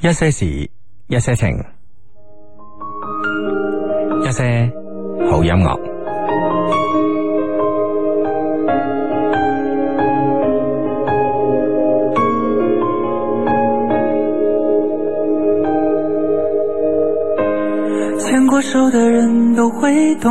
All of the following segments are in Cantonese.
一些事，一些情，一些好音樂。牽過手的人都會懂。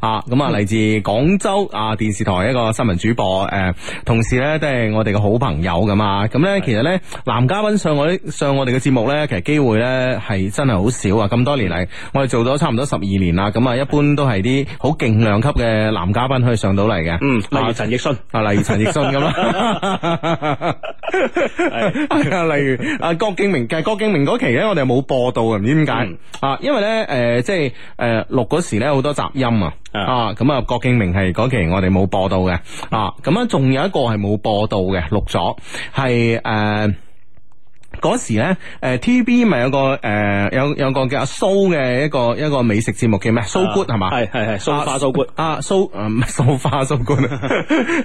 啊，咁、嗯、啊，嚟自廣州啊電視台一個新聞主播，誒、啊，同時咧都係我哋嘅好朋友咁啊，咁、嗯、咧其實咧男嘉賓上我上我哋嘅節目咧，其實機會咧係真係好少啊！咁多年嚟，我哋做咗差唔多十二年啦，咁啊，一般都係啲好勁量級嘅男嘉賓可以上到嚟嘅。嗯，例如陳奕迅，啊，例如陳奕迅咁啊。 係啊， 例如啊，郭敬明，但郭敬明嗰期咧，我哋冇播到啊，唔知點解、嗯、啊，因為咧，誒、呃，即係誒錄嗰時咧，好多雜音啊，啊，咁、嗯、啊、嗯嗯，郭敬明係嗰期我哋冇播到嘅，啊，咁啊，仲有一個係冇播到嘅，錄咗係誒。嗰時咧，誒，TVB 咪有個誒、呃，有有個叫阿蘇嘅一個一個美食節目叫咩？蘇、so、good 係嘛？係係係蘇花蘇 good 啊蘇啊唔係蘇花蘇 good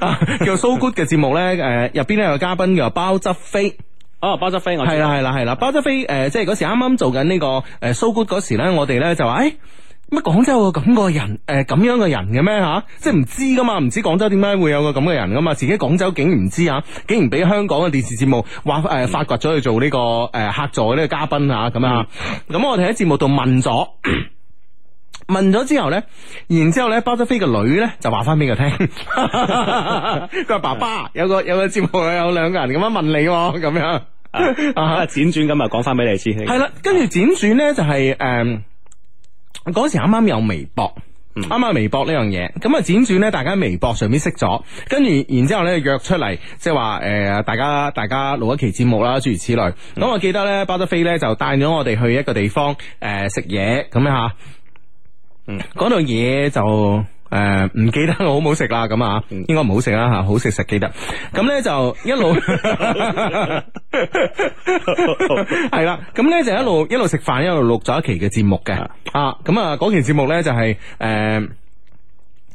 啊，叫蘇、so、good 嘅節目咧，誒、呃，入邊咧有個嘉賓叫包則飛，哦、啊，包則飛，我係啦係啦係啦，包則飛，誒、呃，即係嗰、這個呃 so、時啱啱做緊呢個誒蘇 good 嗰時咧，我哋咧就話，誒、哎。乜廣州個咁個人誒咁、呃、樣嘅人嘅咩吓？即係唔知噶嘛，唔知廣州點解會有個咁嘅人噶嘛？自己廣州竟然唔知啊，竟然俾香港嘅電視節目話誒發掘咗去做呢、這個誒、呃、客座呢個嘉賓吓咁啊！咁、嗯、我哋喺節目度問咗，問咗之後咧，然之後咧包租飛個女咧就話翻俾佢聽，佢 話 爸爸有個有個節目有兩個人咁樣問你咁樣，啊輾轉咁啊講翻俾你知。係啦，跟住輾轉咧就係、是、誒。嗯就是嗯嗰時啱啱有微博，啱啱，嗯、微博呢樣嘢，咁啊輾轉咧，大家微博上面識咗，跟住然之後咧約出嚟，即係話誒，大家大家錄一期節目啦，諸如此類。咁、嗯、我記得呢，巴德飛呢就帶咗我哋去一個地方誒食嘢，咁樣吓，下嗯，嗰度嘢就。誒，唔、呃、記得我好唔好食啦，咁啊，應該唔好食啦吓，好食食記得。咁咧就一路係啦，咁咧就一路一路食飯，一路錄咗一期嘅節目嘅。 啊，咁啊，嗰期節目咧就係、是、誒。呃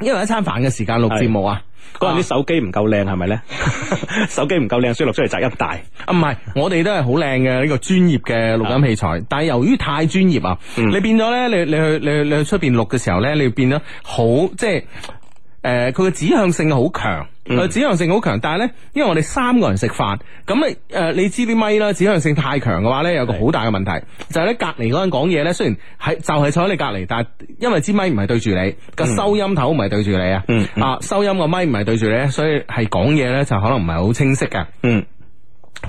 因為一餐飯嘅時間錄節目啊，嗰陣啲手機唔夠靚係咪咧？是是 手機唔夠靚，所以錄出嚟雜音大。啊，唔係，我哋都係好靚嘅呢個專業嘅錄音器材，啊、但係由於太專業啊、嗯，你變咗咧，你你去你去你去出邊錄嘅時候咧，你會變得好，即係誒，佢、呃、嘅指向性好強。誒、嗯呃，指向性好強，但係咧，因為我哋三個人食飯，咁咪誒，你知啲咪啦，指向性太強嘅話咧，有個好大嘅問題，是就係咧隔籬嗰人講嘢咧，雖然係就係、是、坐喺你隔籬，但係因為支咪唔係對住你，個、嗯、收音頭唔係對住你嗯嗯啊，啊收音個咪唔係對住你，所以係講嘢咧就可能唔係好清晰嘅，嗯。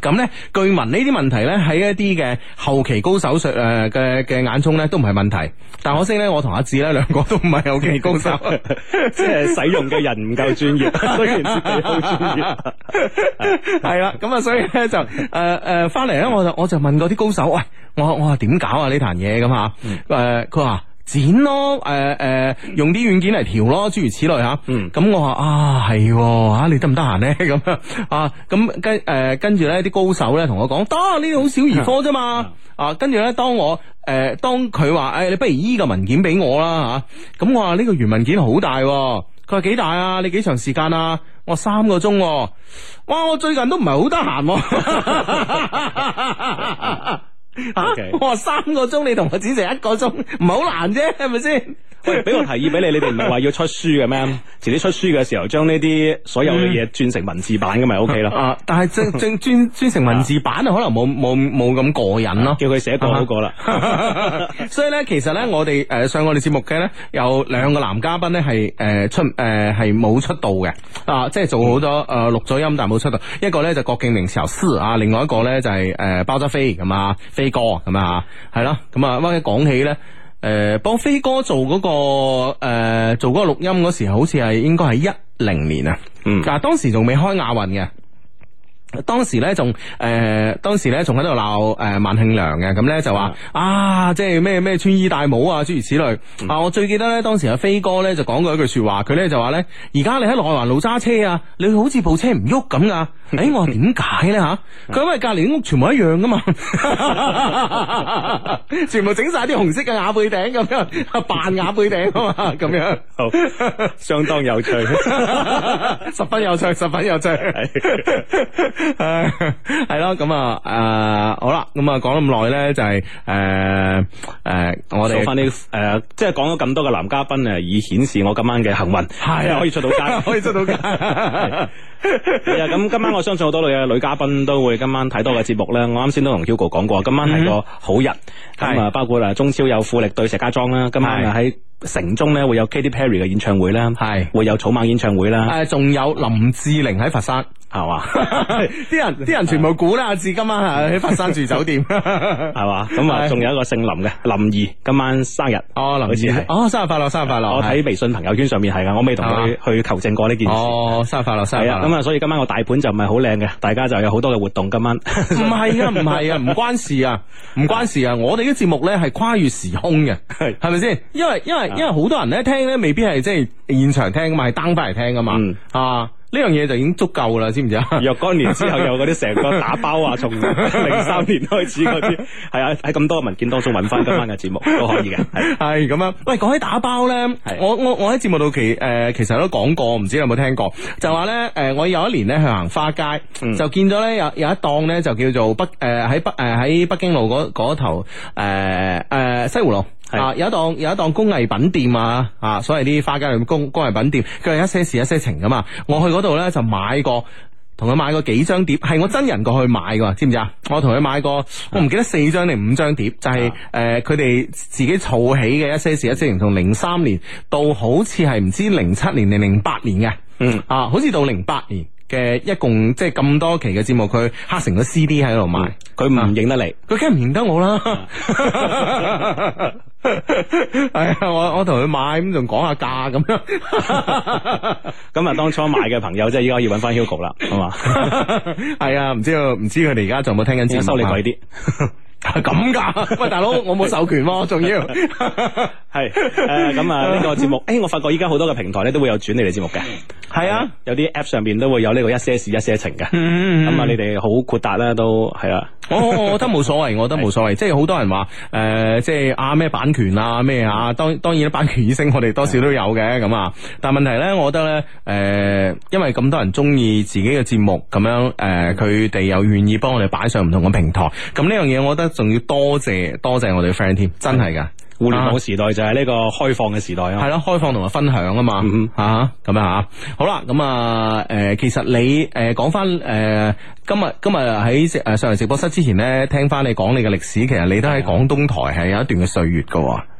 咁咧，據聞呢啲問題咧喺一啲嘅後期高手術誒嘅嘅眼中咧都唔係問題，但係可惜咧，我同阿志咧兩個都唔係後期高手，即係 使用嘅人唔夠專業，雖然自己好專業，係 啦對，咁啊，所以咧、嗯、就誒誒，翻嚟咧我就我就問啲高手，喂，我我話點搞啊呢壇嘢咁吓？誒，佢、呃、話。剪咯，誒、呃、誒，用啲軟件嚟調咯，諸如此類吓。咁我話啊係，吓你得唔得閒咧？咁啊，咁跟誒跟住咧，啲高手咧同我講，得，呢啲好小兒科啫嘛。啊，跟住咧，當我誒、呃、當佢話誒，你不如依個文件俾我啦吓。咁我話呢個原文件好大，佢話幾大啊？你幾長時間啊？我話三個鐘、啊。哇，我最近都唔係好得閒。啊啊 我話、啊 Okay. 哦、三個鐘，你同我剪成一個鐘，唔係好難啫，係咪先？ 喂，俾個提議俾你，你哋唔係話要出書嘅咩？自己出書嘅時候，將呢啲所有嘅嘢轉成文字版咁咪 O K 啦。啊，呃、但係正正轉轉成文字版，可能冇冇冇咁過癮咯。叫佢寫過好過啦。 所以咧，其實咧，我哋誒、呃、上我哋節目嘅咧，有兩個男嘉賓咧係誒出誒係冇出道嘅啊，即係做好咗誒錄咗音但係冇出道。一個咧就郭敬明時候師啊，另外一個咧就係誒包扎飛咁啊，飛哥咁啊，係、呃、啦，咁、嗯、啊，啱啱講起咧。嗯嗯誒，幫、呃、飛哥做嗰、那個誒、呃，做嗰個錄音嗰時候好，好似係應該係一零年啊。嗯，但，當時仲未開亞運嘅。當時咧仲誒，當時咧仲喺度鬧誒萬慶良嘅，咁咧就話、嗯、啊，即係咩咩穿衣戴帽啊，諸如此類。嗯、啊，我最記得咧，當時阿飛哥咧就講過一句說話，佢咧就話咧，而家你喺內環路揸車啊，你好似部車唔喐咁啊。欸，誒，我話點解咧吓？佢、啊嗯、因為隔籬屋全部一樣噶嘛， 全部整晒啲紅色嘅瓦背頂咁樣，扮瓦背頂啊嘛，咁樣。好，相當有趣， 十分有趣，十分有趣。係咯，咁啊、 嗯，誒、嗯嗯，好啦，咁、嗯、啊，講咗咁耐咧，就係、是、誒，誒、嗯嗯，我哋翻啲誒，即係講咗咁多嘅男嘉賓誒，以顯示我今晚嘅幸運，係啊， 可以出到街，可以出到街，係、嗯、啊，咁今晚我相信好多女嘅女嘉賓都會今晚睇多嘅節目啦。我啱先都同 Hugo 哥講過，今晚係個好日，咁啊、mm，hmm. 包括啦的中超有富力對石家莊啦，今晚就喺。城中咧會有 Katy Perry 嘅演唱會啦，係會有草蜢演唱會啦，誒仲有林志玲喺佛山係嘛？啲人啲人全部估啦，阿志今晚喺佛山住酒店係嘛？咁啊仲有一個姓林嘅林二今晚生日，哦林二，哦生日快樂，生日快樂！我睇微信朋友圈上面係㗎，我未同佢去求證過呢件事。哦，生日快樂，生日快樂！咁啊，所以今晚個大盤就唔係好靚嘅，大家就有好多嘅活動今晚。唔係啊，唔係啊，唔關事啊，唔關事啊！我哋啲節目咧係跨越時空嘅，係係咪先？因為因為。因為好多人咧聽咧，未必係即係現場聽噶嘛，係 down 翻嚟聽噶嘛，啊呢樣嘢就已經足夠噶啦，知唔知啊？若干年之後有嗰啲成個打包啊，從零三年開始嗰啲，係啊，喺咁多文件當中揾翻得翻嘅節目都可以嘅。係咁樣，喂，講起打包咧，我我我喺節目度其誒其實都講過，唔知你有冇聽過？就話咧誒，我有一年咧去行花街，就見咗咧有有一檔咧就叫做北誒喺北誒喺北京路嗰嗰頭誒誒西湖路。是啊！有一檔有一檔工藝品店啊，啊，所謂啲花街嘅工工藝品店，佢係一些事一些情噶嘛。嗯、我去嗰度呢，就買過，同佢買過幾張碟，係我真人過去買噶，知唔知啊？我同佢買過，我唔記得四張定五張碟，就係、是、誒，佢哋、嗯呃、自己儲起嘅一些事一些情，從零三年到好似係唔知零七年定零八年嘅，嗯，啊，好似到零八年。嘅一共即係咁多期嘅節目，佢刻成個 CD 喺度賣，佢唔、嗯、認得你，佢梗係唔認得我啦。係 啊、 哎，我我同佢買，咁仲講下價咁。咁 啊、 嗯，當初買嘅朋友即係依家可以搵翻 Hugo 啦，係嘛？係 啊，唔知唔知佢哋而家仲有冇聽緊節目收你貴啲。 係咁噶，喂大佬，我冇授權喎，仲 要係誒咁啊呢個節目誒、欸，我發覺依家好多嘅平台咧都會有轉你哋節目嘅，係啊， 有啲 app 上邊都會有呢個一些事一些情嘅，咁啊、 嗯嗯、你哋好豁達啦，都係啊， 哦哦、我我覺得冇所謂，我覺得冇所謂，即係好多人話誒，即係啊咩版權啊咩啊，當當然版權意識我哋多少都有嘅，咁啊，但係問題咧，我覺得咧誒，因為咁多人中意自己嘅節目咁樣，誒佢哋又願意幫我哋擺上唔同嘅平台，咁呢樣嘢我覺得。仲要多謝多謝我哋嘅 friend 添，真係噶！互聯網時代就係呢個開放嘅時代啊，係咯，開放同埋分享啊嘛，吓咁、嗯啊、樣吓。好啦，咁啊，誒，其實你誒講翻誒今日今日喺誒上嚟直播室之前咧，聽翻你講你嘅歷史，其實你都喺廣東台係有一段嘅歲月噶。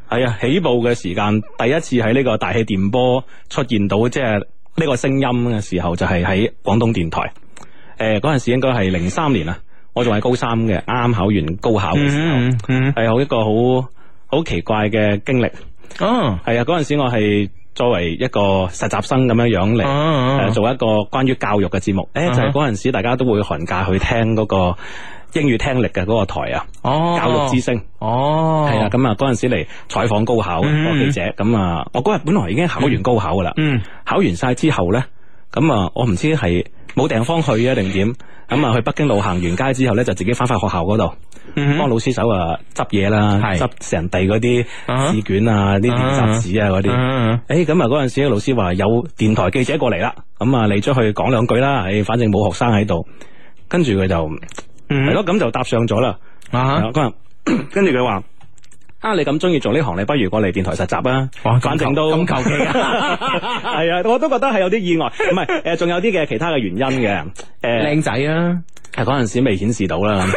係啊，起步嘅時間，第一次喺呢個大氣電波出現到，即係呢個聲音嘅時候，就係喺廣東電台。誒、呃，嗰陣時應該係零三年啊。我仲係高三嘅，啱啱考完高考嘅時候，係有、嗯嗯、一個好好奇怪嘅經歷。哦，係啊，嗰陣時我係作為一個實習生咁樣樣嚟，哦哦、做一個關於教育嘅節目。誒、哦，就係嗰陣時，大家都會寒假去聽嗰個英語聽力嘅嗰個台啊。哦，教育之聲。哦，係啊，咁啊，嗰陣時嚟採訪高考、嗯、我記者。咁啊，我嗰日本來已經考完高考噶啦、嗯。嗯，考完晒之後呢，咁啊，我唔知係。冇地方去啊，定點。咁啊？去北京路行完街之後咧，就自己翻返學校嗰度、嗯、哼幫老師手啊，執嘢啦，執成地嗰啲試卷啊，啲練習紙啊嗰啲。誒咁啊！嗰陣、嗯哼哎、時老師話有電台記者過嚟啦，咁啊你出去講兩句啦。誒，反正冇學生喺度，跟住佢就係咯，咁、嗯、哼就搭上咗啦。啊、嗯哼，跟住佢話。啊！你咁中意做呢行，你不如過嚟電台實習啊！反正都咁求其、啊，係 啊！我都覺得係有啲意外，唔係，誒，仲、呃、有啲嘅其他嘅原因嘅。誒、呃，靚仔啊，係嗰陣時未顯示到啦，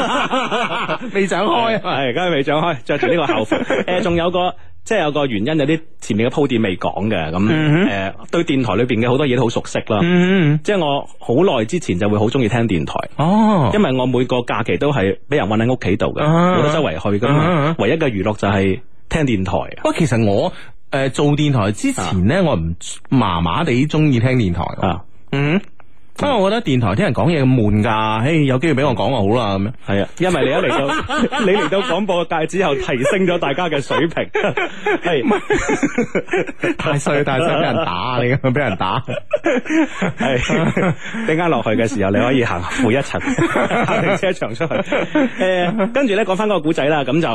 未長開啊，而 家未長開，着住呢個校服，誒、 呃，仲有個。即係有個原因，有啲前面嘅鋪墊未講嘅咁，誒、mm hmm. 呃、對電台裏邊嘅好多嘢,都好熟悉啦。Mm hmm. 即係我好耐之前就會好中意聽電台，哦，oh. 因為我每個假期都係俾人困喺屋企度嘅，oh. 我冇得周圍去噶嘛，oh. 唯一嘅娛樂就係聽電台。不過其實我誒、呃、做電台之前咧，我唔麻麻地中意聽電台。嗯、uh. mm。Hmm. 因為我覺得電台聽人講嘢咁悶噶，誒，有機會俾我講就好啦，咁樣係啊，因為你一嚟到， 你嚟到廣播界之後，提升咗大家嘅水平，係太細，太細， 俾人打你咁，俾 人打，係，陣間落去嘅時候你可以行負一層， 停車場出去，誒、 欸，跟住咧講翻嗰個古仔啦，咁就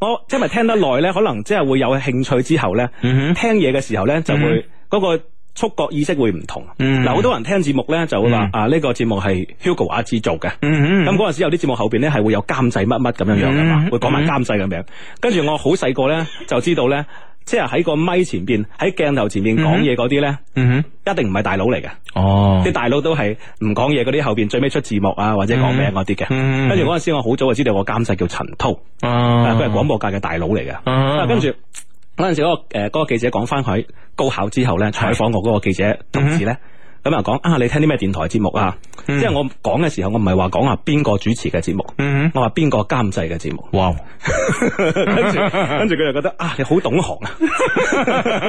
我即係咪聽得耐咧，可能即係會有興趣之後咧，mm hmm. 聽嘢嘅時候咧就會、mm hmm. 那個。觸覺意識會唔同，嗱好、um, 啊、多人聽節目咧就會話啊呢個節目係 Hugo 阿芝做嘅，咁嗰陣時有啲節目後邊咧係會有監製乜乜咁樣樣噶嘛，會講埋監製嘅名，跟住、um. 我好細個咧就知道咧，即係喺個咪前邊喺鏡頭前面講嘢嗰啲咧，一定唔係、um, uh huh. 大佬嚟嘅，哦，啲大佬都係唔講嘢嗰啲後邊最尾出字幕啊或者講名嗰啲嘅，跟住嗰陣時我好早就知道個監製叫陳濤，佢係廣播界嘅大佬嚟嘅，跟住。嗰陣時，嗰個誒嗰個記者講翻佢高考之後咧，採訪我嗰個記者同事咧。嗯。咁又講啊！你聽啲咩電台節目啊？即係、嗯、我講嘅時候，我唔係話講下邊個主持嘅節目，嗯、哼我話邊個監製嘅節目。哇！跟住跟住佢就覺得啊，你好懂行啊，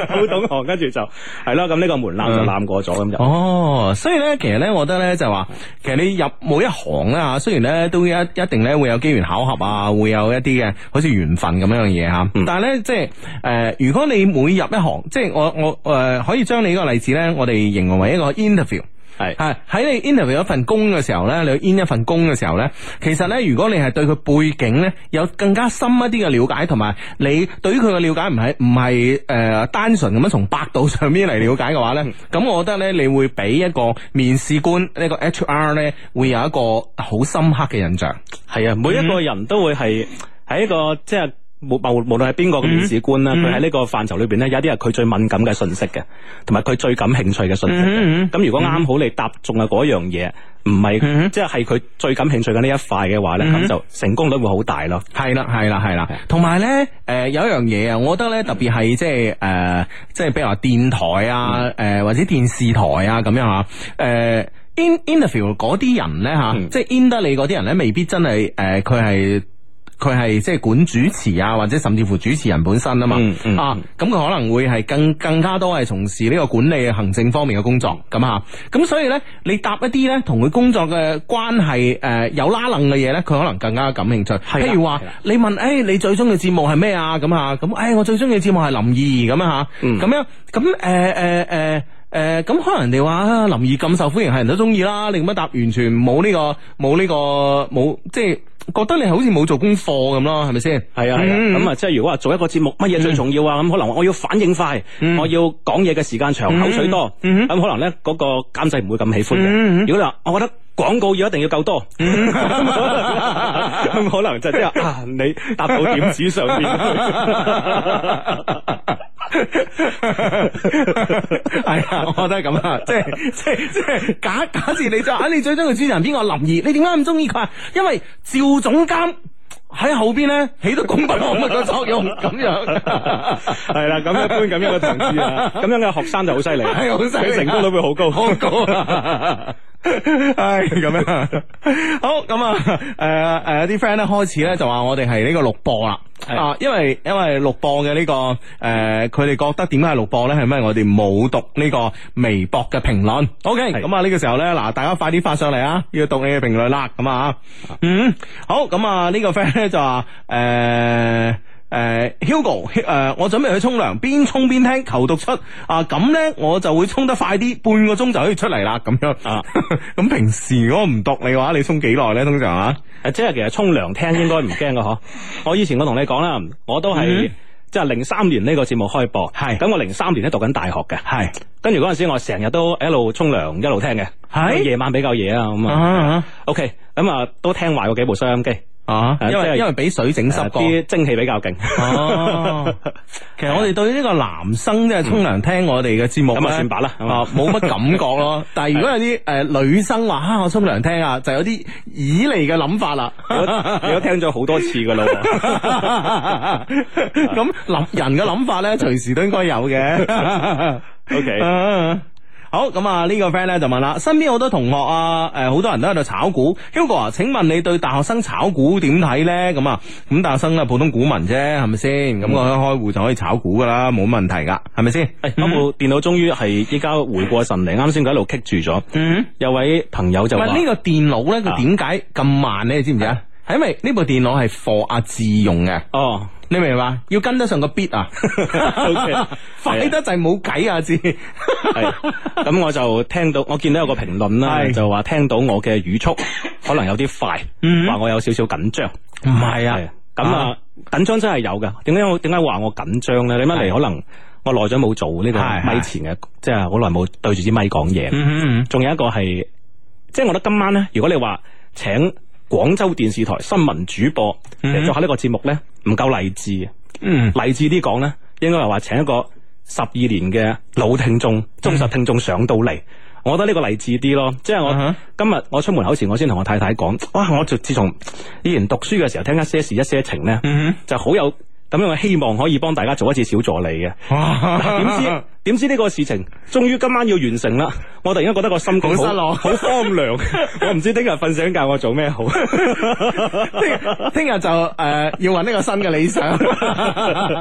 好 懂行。跟住就係咯，咁呢個門檻就攬過咗咁就。嗯、哦，所以咧，其實咧，我覺得咧就話，其實你入每一行啊，嚇，雖然咧都一一定咧會有機緣巧合啊，會有一啲嘅好似緣分咁樣嘢嚇。嗯、但係咧，即係誒、呃，如果你每入一行，即係我我誒、呃、可以將你呢個例子咧，我哋形容為一個。interview 係吓，喺你 interview 一份工嘅時候呢，你 in 一份工嘅時候呢其實呢，如果你係對佢背景呢有更加深一啲嘅了解，同埋你對於佢嘅了解唔係唔係誒單純咁樣從百度上面嚟了解嘅話呢咁、嗯、我覺得呢，你會俾一個面試官呢、呢個 HR 呢會有一個好深刻嘅印象。係啊，每一個人都會係喺、嗯、一個即係。就是無無無論係邊個嘅面試官啦，佢喺呢個範疇裏邊咧，有啲係佢最敏感嘅信息嘅，同埋佢最感興趣嘅信息咁、嗯嗯、如果啱好你搭中啊嗰樣嘢，唔係即係係佢最感興趣嘅呢一塊嘅話咧，咁、嗯嗯、就成功率會好大咯。係啦，係啦，係啦。同埋咧，誒、呃，有一樣嘢啊，我覺得咧，特別係即係誒，即係譬如話電台啊，誒、嗯，或者電視台啊，咁樣吓、啊，誒、呃、，in interview 嗰啲人咧吓、啊，即係 in 得你嗰啲人咧，未必真係誒，佢、呃、係。佢係即係管主持啊，或者甚至乎主持人本身、嗯嗯、啊嘛。啊咁佢可能會係更更加多係從事呢個管理行政方面嘅工作咁啊，咁所以呢，你答一啲呢同佢工作嘅關係誒、呃、有拉楞嘅嘢呢，佢可能更加感興趣。譬如話你問誒、欸，你最中意嘅節目係咩啊？咁啊，咁誒，我最中意嘅節目係林二咁啊吓，咁樣咁誒誒誒咁可能人哋話啊，林二咁受歡迎，係人都中意啦，你咁樣答完全冇呢個冇呢個冇即係。覺得你好似冇做功課咁咯，係咪先？係啊，係啊，咁啊，即係如果話做一個節目，乜嘢最重要啊？咁可能我要反應快，我要講嘢嘅時間長，口水多，咁可能咧嗰個監製唔會咁喜歡嘅。如果你話，我覺得廣告要一定要夠多，咁可能就即係啊，你答到點子上邊。係啊、 哎，我都係咁啊，即係即係即係假假設你就，啊你最中意嘅主持人邊個林儀？你點解咁中意佢？因為趙總監喺後邊咧起到功不可沒嘅作用，咁 樣係啦。咁一般咁 樣嘅同志啊，咁樣嘅學生就好犀利，係好犀利，成功率會好高，好高，啊。 唉，咁樣好咁啊！誒誒，啲 friend 咧開始咧就話我哋係呢個錄播啦啊！因為因為錄播嘅呢個誒，佢、呃、哋覺得點解係錄播咧？係因為，我哋冇讀呢個微博嘅評論。O K，咁啊呢個時候咧，嗱，大家快啲發上嚟啊！要讀你嘅評論啦！咁啊，嗯，好咁啊，呢個 friend 咧就話誒。呃誒、uh，Hugo，誒，我準備去沖涼，邊沖邊聽，求讀出啊！咁咧，我就會沖得快啲，半個鐘就可以出嚟啦，咁樣啊。咁平時如果唔讀你嘅話，你沖幾耐呢？通常啊，即係其實沖涼聽應該唔驚噶嗬。 我以前我同你講啦，我都係即係零三年呢個節目開播，係咁 我零三年咧讀緊大學嘅，係跟住嗰陣時我成日都一路沖涼一路聽嘅，係夜是晚比較夜啊，咁啊，OK，咁啊都聽壞過幾部收音機。啊，因為因為俾水整濕啲，蒸汽比較勁。哦，其實我哋對於呢個男生即係沖涼聽我哋嘅節目咁啊算白啦，冇乜感覺咯。但係如果有啲誒女生話，吓我沖涼聽啊，就有啲以嚟嘅諗法啦。你都聽咗好多次噶啦，咁人嘅諗法咧，隨時都應該有嘅。O K。好咁啊！呢、這個 friend 咧就問啦，身邊好多同學啊，誒、呃，好多人都喺度炒股。Hugo，請問你對大學生炒股點睇咧？咁啊，咁大學生啊，普通股民啫，係咪先？咁我一開戶就可以炒股噶啦，冇問題噶，係咪先？誒，咁部電腦終於係依家回過神嚟，啱先佢一路棘住咗。嗯，有位朋友就話，呢個電腦咧，佢點解咁慢咧？你知唔知啊？係因為呢部電腦係貨啊自用嘅。哦。你明唔明？要跟得上個 beat 啊！Okay！快得滯冇計啊！知係咁，我就聽到我見到有個評論啦，就話聽到我嘅語速可能有啲快，話我有少少緊張。唔係啊，咁啊緊張真係有噶。點解點解話我緊張咧？你乜嚟，可能我耐咗冇做呢個咪前嘅，即係好耐冇對住支咪講嘢。仲有一個係，即係我覺得今晚咧，如果你話請。廣州電視台新聞主播嚟做、mm hmm. 下呢個節目呢，唔夠勵志，勵、mm hmm. 志啲講呢，應該係話請一個十二年嘅老聽眾、忠實聽眾上到嚟，mm hmm. 我覺得呢個勵志啲咯。即係我、uh huh. 今日我出門口前，我先同我太太講，哇！我自從以前讀書嘅時候聽一些事一些情呢，mm hmm. 就好有。咁樣希望可以幫大家做一次小助理嘅，點 知點知呢個事情終於今晚要完成啦！我突然間覺得個心好失落，好荒涼。我唔知聽日瞓醒覺我做咩好。聽 日，日就誒、呃、要揾呢個新嘅理想。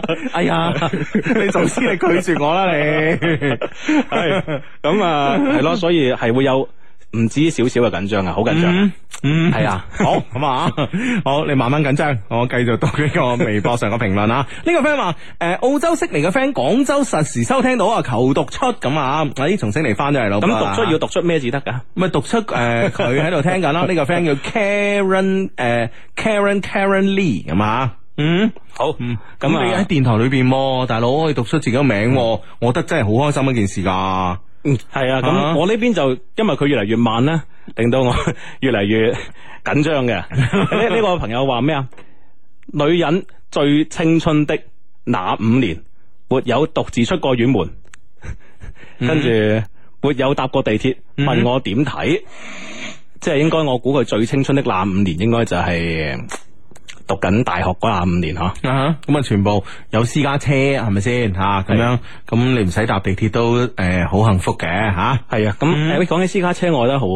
哎呀，你早先嚟拒絕我啦你，係 咁啊，係咯， 所以係會有。唔止少少嘅緊張啊，好緊張，係啊， 好咁啊，好，你慢慢緊張，我繼續讀呢個微博上嘅評論啊。呢 個 friend 話，誒、呃，澳洲悉尼嘅 friend，廣州實時收聽到啊，求讀出咁啊，我重新嚟返咗嚟啦。咁、嗯、讀出要讀出咩字得噶？咪讀出誒，佢喺度聽緊啦。呢 個 friend 叫 Karen、呃、Karen，誒 Karen Karen Lee 咁啊。嗯，好，咁、嗯啊、你喺電台裏邊，大佬可以讀出自己名，嗯、我覺得真係好開心一件事噶。嗯，係啊，咁我呢邊就因為佢越嚟越慢啦，令到我越嚟越緊張嘅。呢呢 個朋友話咩啊？女人最青春的那五年，沒有獨自出過院門，跟住、嗯、沒有搭過地鐵，問我點睇？即係、嗯、應該我估佢最青春的那五年應該、就是，應該就係。讀緊大學嗰廿五年嗬，咁啊、uh huh。全部有私家車係咪先吓？咁樣咁的你唔使搭地鐵都誒好、呃、幸福嘅吓，係啊。咁誒講起私家車，我覺得好。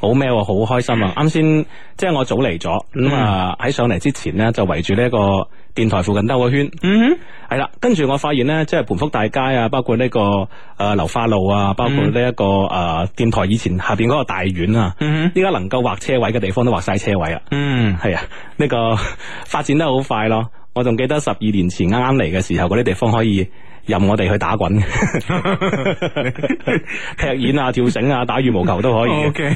好咩、啊？好開心啊！啱先、嗯、即係我早嚟咗，咁啊喺上嚟之前呢，就圍住呢一個電台附近兜個圈。嗯哼，係啦，跟住我發現呢，即係盤福大街啊，包括呢、這個誒流、呃、花路啊，包括呢、這、一個誒、呃、電台以前下邊嗰個大院啊，依家、嗯、哼能夠畫車位嘅地方都畫晒車位啊。嗯，係啊，呢、這個發展得好快咯！我仲記得十二年前啱啱嚟嘅時候，嗰啲地方可以。任我哋去打滾、 踢毽啊、跳繩啊、打羽毛球都可以。OK，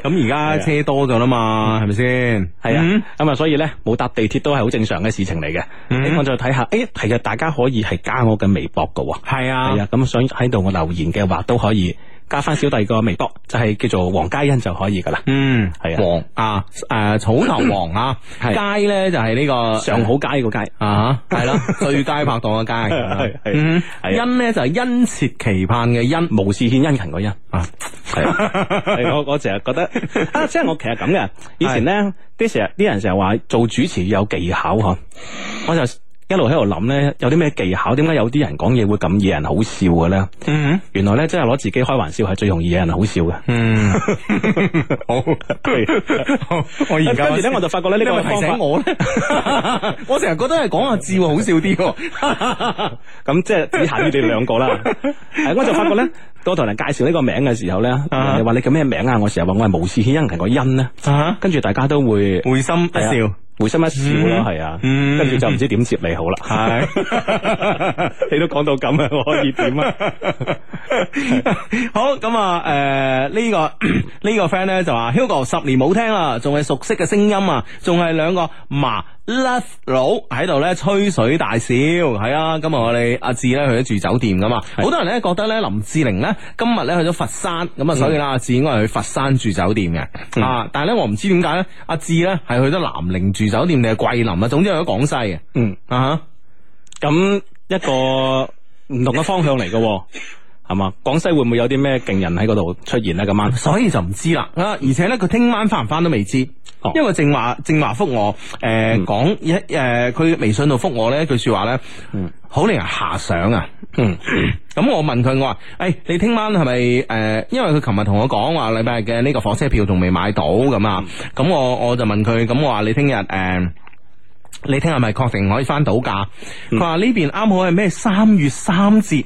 咁而家車多咗啦嘛，係咪先？係啊，咁啊、嗯嗯，所以咧冇搭地鐵都係好正常嘅事情嚟嘅。我、嗯、再睇下，誒、哎，其實，大家可以係加我嘅微博噶喎。係啊，係啊，咁想喺度我留言嘅話都可以。加翻小弟個微博，就係、是、叫做黃佳欣就可以噶啦。嗯，係、就是、啊，黃啊，誒，草頭黃啊，佳咧就係呢個上好佳個佳啊，係啦，最佳拍檔個佳係係，欣咧就係殷切期盼嘅殷，無事獻殷勤個殷啊。係我我成日覺得即係我其實咁嘅。以前咧啲成日啲人成日話做主持要有技巧嗬，我就。一路喺度諗咧，有啲咩技巧？點解有啲人講嘢會咁惹人好笑嘅咧？原來咧，真係攞自己開玩笑係最容易惹人好笑嘅。好，我而家跟住咧，我就發覺呢，呢個提醒我咧，我成日覺得係講下字好笑啲。咁即係你行你哋兩個啦。我就發覺咧，多同人介紹呢個名嘅時候咧，你話你叫咩名啊？我成日話我係無事獻殷勤，個殷咧，跟住大家都會會心一笑。會心一笑咯，係啊、嗯，跟住的就唔知點接你好啦，係的， 你都講到咁啊，我可以點啊？好咁啊，誒、呃這個 這個、呢個呢個 friend 咧就話 Hugo 十年冇聽啦，仲係熟悉嘅聲音啊，仲係兩個麻。Love 佬喺度咧吹水大笑，係啊！今日我哋阿志咧去咗住酒店噶嘛，好是多人咧覺得咧林志玲咧今日咧去咗佛山，咁啊、嗯、所以啦，阿志應該係去佛山住酒店嘅、嗯、啊！但係咧我唔知點解咧，阿志咧係去咗南寧住酒店定係桂林啊？總之去咗廣西嘅，嗯啊，咁一個唔 同嘅方向嚟嘅。係嘛？廣西會唔會有啲咩勁人喺嗰度出現咧？咁晚所以就唔知啦啊！而且咧，佢聽晚翻唔翻都未知，因為正話正話覆我誒講一誒，佢微信度覆我呢一句說話咧，好令人遐想啊！咁我問佢我話：誒，你聽晚係咪誒？因為佢琴日同我講話，禮拜嘅呢個火車票仲未買到咁啊！咁、嗯嗯、我我就問佢：，咁我話你聽日誒，你聽日係咪確定可以翻到噶？佢話呢邊啱好係咩三月三節。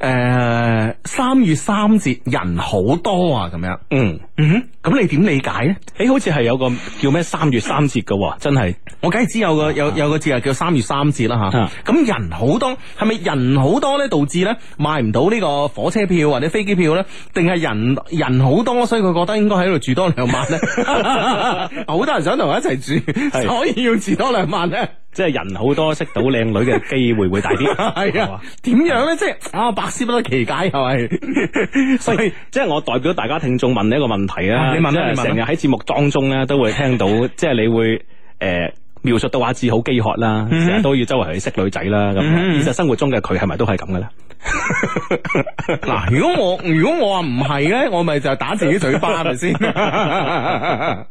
誒，三月三節人好多啊，咁樣，嗯，嗯，咁你點理解呢？誒，好似係有個叫咩三月三節嘅，真係，我梗係知有個有有個節日叫三月三節啦，吓，咁人好多，係咪人好多呢？導致呢，買唔到呢個火車票或者飛機票呢？定係人人好多，所以佢覺得應該喺度住多兩晚呢？好多人想同我一齊住，所以要住多兩晚呢。即係人好多，識到靚女嘅機會會大啲。係 啊，點吧樣咧？即係啊，百思不得其解，係咪？所以，所以即係我代表大家聽眾問你一個問題啊。你問啦，是你成日喺節目當中咧都會聽到， 即係你會誒、呃、描述到話志好飢渴啦，成日都要周圍去識女仔啦。咁，現實 生活中嘅佢係咪都係咁嘅咧？嗱， 如果我如果我話唔係咧，我咪就打自己嘴巴，係咪先？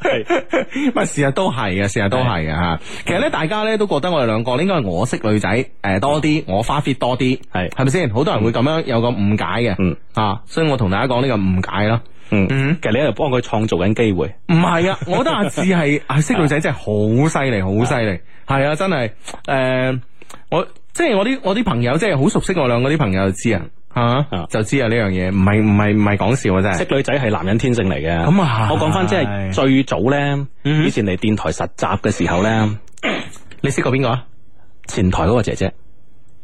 係，咪？ 事實都係嘅，事實都係嘅吓。其實咧，大家咧都覺得我哋兩個，應該係我識女仔誒多啲，不嗯、我花 fit 多啲，係係咪先？好多人會咁樣有個誤解嘅，啊，嗯、所以我同大家講呢個誤解咯。嗯，嗯、其實你喺度幫佢創造緊機會，唔係啊。我覺得阿志係係識女仔真係好犀利，好犀利，係啊吧的，真係。誒、呃，我即係我啲我啲朋友，即係好熟悉我兩個啲朋友，就知啊。啊，uh huh. 就知啊呢樣嘢，唔係唔係唔係講笑嘅啫。係，識女仔係男人天性嚟嘅。咁啊，我講翻即係最早咧，mm hmm. 以前嚟電台實習嘅時候咧，mm hmm. 你識過邊個啊？前台嗰個姐姐，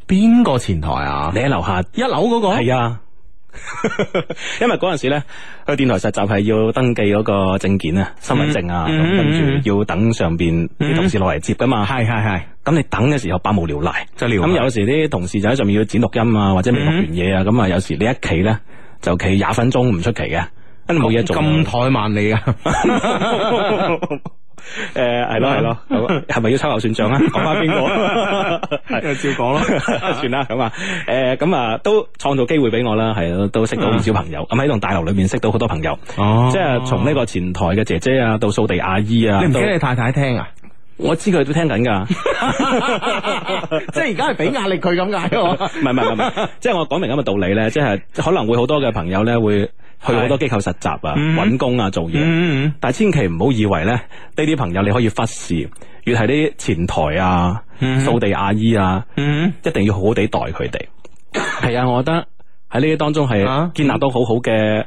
邊個前台啊？你喺樓下一樓嗰個，係啊。 因為嗰陣時咧去電台實習係要登記嗰個證件啊，身份、嗯、證啊，咁、嗯、跟住要等上邊啲同事落嚟接噶嘛，係係係。咁你等嘅時候百無聊賴，就聊。咁有時啲同事就喺上面要剪錄音啊，或者未錄完嘢啊，咁啊、嗯、有時你一企咧就企廿分鐘唔出奇嘅，跟住冇嘢做。咁怠慢你啊！ 誒，係咯，係咯，係咪要秋後算賬啊？講返邊個，照講咯，算啦咁啊。誒，咁啊，都創造機會俾我啦，係、嗯、啊、嗯，都，都識到唔少朋友。咁喺棟大樓裏面識到好多朋友，哦、即係從呢個前台嘅姐姐啊，到掃地阿姨啊。唔俾你，你太太聽啊！我知佢都聽緊噶，即係而家係俾壓力佢咁解。唔係唔係唔係，即係我講明咁嘅道理咧，即係可能會好多嘅朋友咧會。去好多機構實習啊，揾、mm hmm. 工啊，做嘢，mm hmm. 但係千祈唔好以為咧呢啲朋友你可以忽視，越係啲前台啊、掃、mm hmm. 地阿姨啊，mm hmm. 一定要好好地待佢哋。係 啊，我覺得喺呢啲當中係、啊、建立到好好嘅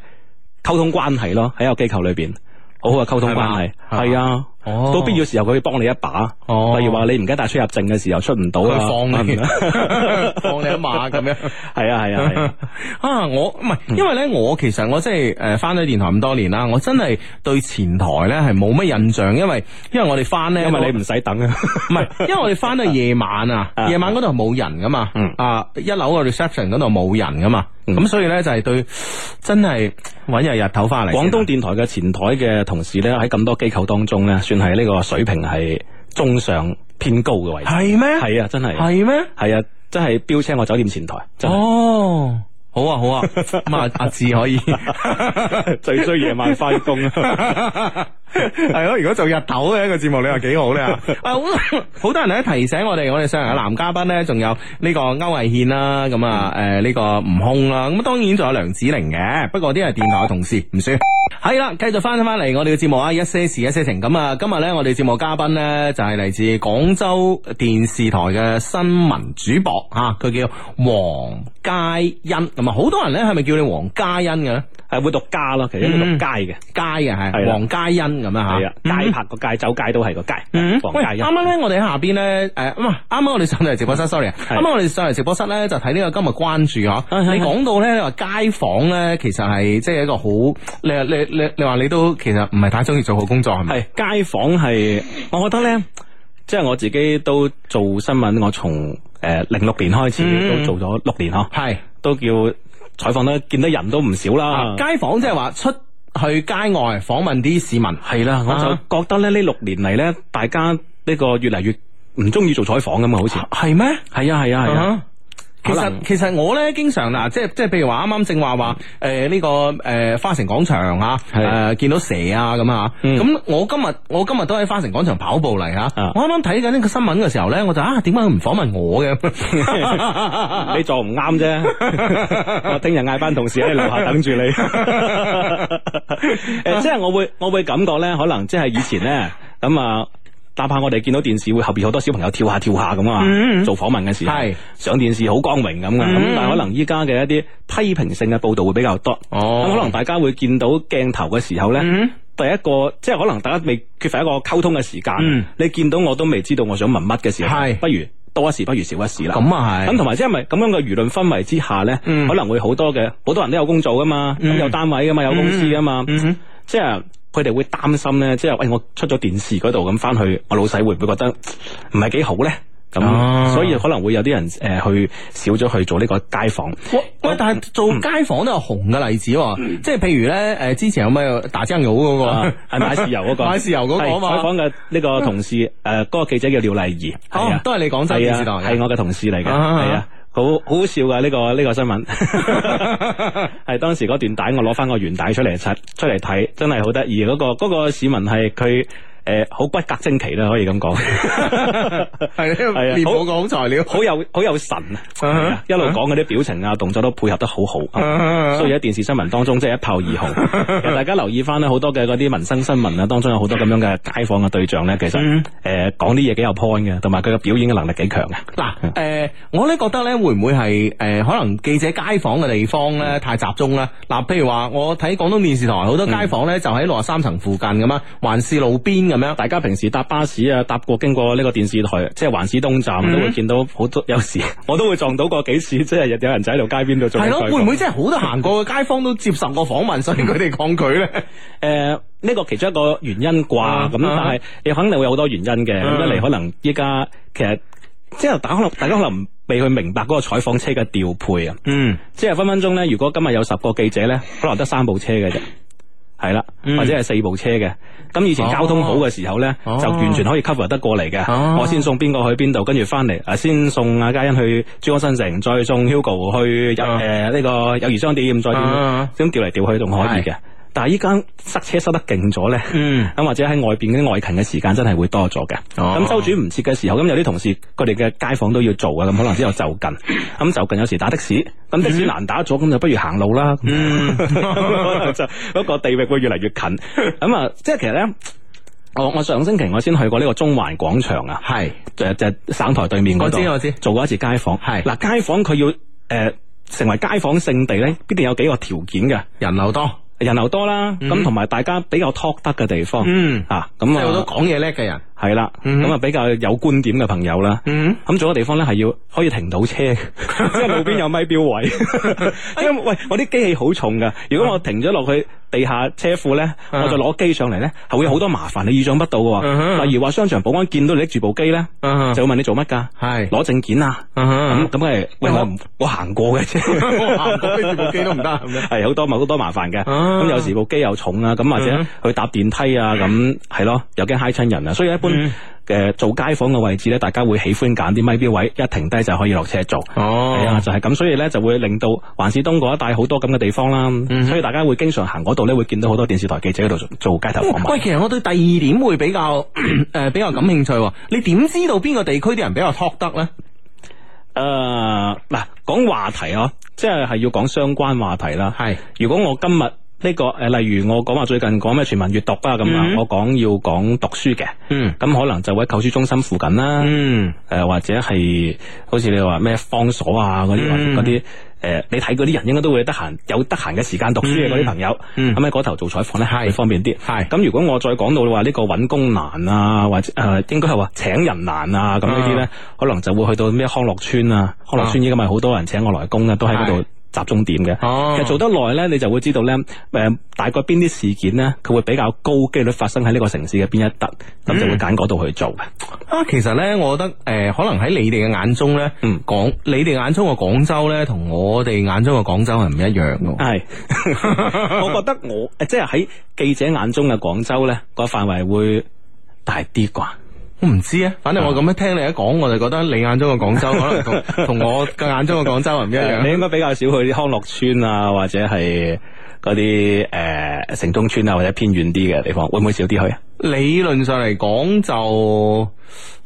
溝通關係咯，喺一個機構裏邊好好嘅溝通關係係吧啊。 哦，都必要時候佢可以幫你一把。哦，例如話你唔記得帶出入證嘅時候出唔到啊，放你， 放你一馬咁樣。係啊係啊，啊，啊， 啊我唔係，因為咧我其實我即係誒翻咗電台咁多年啦，我真係、呃、對前台咧係冇乜印象，因為因為我哋翻咧，因為你唔使等啊，唔係，因為我哋翻到夜晚 啊，夜晚嗰度冇人噶嘛，啊、嗯、啊一樓個 reception 嗰度冇人噶嘛，咁、嗯啊、所以咧就係對真係搵日日頭翻嚟。廣東電台嘅前台嘅同事咧喺咁多機構當中咧。算係呢個水平係中上偏高嘅位置，係咩嗎？係啊，真係，係咩嗎？係啊，真係標青我酒店前台，哦，好啊好啊，咁 啊阿志、 啊啊啊啊、可以 最衰夜晚翻工。係咯， 如果做日頭嘅一、這個節目，你話幾好咧？好多人咧提醒我哋，我哋上嚟嘅男嘉賓咧，仲 有呢個歐偉憲啦，咁、呃、啊，誒、這、呢個吳空啦，咁啊，當然仲有梁子玲嘅，不過啲係電台嘅同事，唔算。係啦， 繼續翻翻嚟我哋嘅節目啊，一些事，一些情。咁啊，今日咧我哋節目嘉賓咧就係嚟自廣州電視台嘅新聞主播啊，佢叫黃嘉欣，同埋好多人咧係咪叫你黃嘉欣嘅咧？係會讀家咯，其實應該讀街嘅，街嘅係黃佳欣咁樣吓，街拍個街走街都係個街，黃佳欣。啱啱咧，我哋喺下邊咧，誒，啱啱我哋上嚟直播室，sorry 啊，啱啱我哋上嚟直播室咧，就睇呢個今日關注嗬。你講到咧，話街訪咧，其實係即係一個好，你你你你話你都其實唔係太中意做好工作係咪？係街訪係，我覺得咧，即係我自己都做新聞，我從誒零六年開始都做咗六年嗬，係都叫。採訪咧，見得人都唔少啦，啊。街訪即係話出去街外訪問啲市民，係啦，我就覺得咧，呢六年嚟，咧，大家呢個越嚟越唔中意做採訪咁啊，好似係咩？係啊，係啊，係啊。Uh huh. 可其實其實我咧經常嗱，即即係譬如話啱啱正話話誒呢個誒、呃、花城廣場啊，誒、呃、見到蛇啊咁啊，咁、嗯嗯、我今日我今日都喺花城廣場跑步嚟吓。我啱啱睇緊呢個新聞嘅時候咧，我就啊，點解佢唔訪問我嘅？ 你做唔啱啫， 我聽日嗌班同事喺樓下等住你。誒， 即係我會我會感覺咧，可能即係以前咧咁啊。但怕我哋見到電視會後邊好多小朋友跳下跳下咁啊，做訪問嘅時候，上電視好光榮咁嘅。咁但係可能依家嘅一啲批評性嘅報道會比較多。咁可能大家會見到鏡頭嘅時候咧，第一個即係可能大家未缺乏一個溝通嘅時間。你見到我都未知道我想問乜嘅時候，不如多一事不如少一事啦。咁啊係。咁同埋即係咪咁樣嘅輿論氛圍之下咧，可能會好多嘅好多人都有工作噶嘛，咁有單位噶嘛，有公司噶嘛，即係。佢哋會擔心咧，即係喂、哎、我出咗電視嗰度咁翻去，我老細會唔會覺得唔係幾好咧？咁、啊、所以可能會有啲人誒去、呃、少咗去做呢個街訪。喂哇我但係做街訪都有紅嘅例子，嗯、即係譬如咧誒、呃，之前有咩大張佬嗰個，係買豉油嗰個，買豉油嗰個嘛？我講嘅呢個同事誒，嗰、 呃嗰個記者叫廖麗儀，哦、啊，都係你廣州電視台嘅，係、啊、我嘅同事嚟嘅，係啊。好好笑嘅呢個呢個新聞，係 當時嗰段帶我攞翻個原帶出嚟出出嚟睇，真係好得意嗰個嗰個市民係佢。誒，好、呃、骨骼精奇啦，可以咁講，係 啊 好講材料，好 有好有神啊，uh huh. 一路講嗰啲表情啊、動作都配合得好好，uh huh. 所以喺電視新聞當中即係、就是、一炮而紅。Uh huh. 大家留意翻咧，好多嘅嗰啲民生新聞啊，當中有好多咁樣嘅街訪嘅對象咧，其實誒講啲嘢幾有 point 嘅，同埋佢嘅表演嘅能力幾強嘅。嗱、uh，誒、huh. 呃，我咧覺得咧會唔會係誒、呃、可能記者街訪嘅地方咧太集中啦？嗱、uh，譬、huh. 如話我睇廣東電視台好多街訪咧就喺六十三層附近咁啊，還是路邊咁。大家平時搭巴士啊，搭過經過呢個電視台，即係環市東站，嗯、都會見到好多。有時我都會撞到過幾次，即係有人仔喺度街邊度做。係咯，會唔會即係好多行過嘅 街坊都接受過訪問，所以佢哋抗拒呢？誒、呃，呢、呢個其中一個原因啩咁，但係你肯定會有好多原因嘅。咁一嚟可能依家其實即係打，可能大家可能未去明白嗰個採訪車嘅調配啊。嗯，即係分分鐘呢，如果今日有十個記者呢，可能得三部車嘅啫。係啦，嗯、或者係四部車嘅。咁以前交通好嘅時候咧，哦、就完全可以 cover 得過嚟嘅。哦、我先送邊個去邊度，跟住翻嚟，啊先送阿嘉欣去珠江新城，再送 Hugo 去誒呢、哦、呃呢個友誼商店，再咁調嚟調去仲可以嘅。哦但係依家塞車塞得勁咗咧，咁或者喺外邊嗰啲外勤嘅時間真係會多咗嘅。咁周轉唔切嘅時候，咁有啲同事佢哋嘅街訪都要做嘅，咁可能只有就近咁就近。有時打的士，咁的士難打咗，咁就不如行路啦。可能就嗰個地域會越嚟越近咁啊。即係其實咧，我我上星期我先去過呢個中環廣場啊，係就就省台對面嗰度。我知我知，做過一次街訪，係嗱，街訪佢要誒成為街訪勝地咧，必定有幾個條件嘅，人流多。人流多啦，咁同埋大家比較 talk 得嘅地方，mm hmm. 啊，咁啊，好多講嘢叻嘅人，係啦，咁啊比較有觀點嘅朋友啦，咁仲有個地方咧係要可以停到車， 即係路邊有咪錶位，因 為 喂我啲機器好重㗎，如果我停咗落去 地下車庫咧，我就攞機上嚟咧，係會有好多麻煩，你意想不到嘅喎。例如話，商場保安見到你拎住部機咧，就會問你做乜㗎？係攞證件啊？咁咁係喂我我行過嘅啫，我行過拎住部機都唔得，係好多好多麻煩嘅。咁有時部機又重啊，咁或者去搭電梯啊，咁係咯，又驚揩親人啊。所以一般呃做街坊嘅位置咧，大家會喜歡揀啲咪錶位，一停低就可以落車做。係啊，就係咁，所以咧就會令到環市東嗰一帶好多咁嘅地方啦。所以大家會經常行嗰你會見到好多電視台記者喺度做街頭訪問。喂，其實我對第二點會比較誒比較感興趣。你點知道邊個地區啲人比較托得咧？誒， 嗱、呃，講話題啊，即係係要講相關話題啦。係是，如果我今日呢、這個誒，例如我講話最近講咩全民閱讀啊，咁啊、mm，hmm. 我講要講讀書嘅。嗯、mm，咁、hmm. 可能就喺購書中心附近啦。嗯、mm，誒、hmm.，或者係好似你話咩方所啊啲嗰啲。誒、呃，你睇嗰啲人應該都會得閒，有得閒嘅時間讀書嘅嗰啲朋友，咁喺嗰頭做採訪咧，係是方便啲。係咁是，如果我再講到話呢個搵工難啊，或者誒、呃，應該係話請人難啊，咁呢啲咧，嗯、可能就會去到咩康樂村啊，康樂村依家咪好多人請我來工啊，嗯、都喺度。集中點嘅，啊、其實做得耐咧，你就會知道咧，誒、呃，大概邊啲事件咧，佢會比較高幾率發生喺呢個城市嘅邊一笪，咁、嗯、就會揀嗰度去做。啊，其實咧，我覺得誒、呃，可能喺你哋嘅眼中咧，廣你哋眼中嘅廣州咧，同我哋眼中嘅廣州係唔一樣嘅。係，我覺得我誒，即係喺記者眼中嘅廣州咧，個範圍會大啲啩。我唔知啊，反正我咁樣聽你一講，我就覺得你眼中嘅廣州可能同 我嘅眼中嘅廣州係唔一樣。你應該比較少去啲康樂村啊，或者係嗰啲誒城中村啊，或者偏遠啲嘅地方，會唔會少啲去？理論上嚟講，就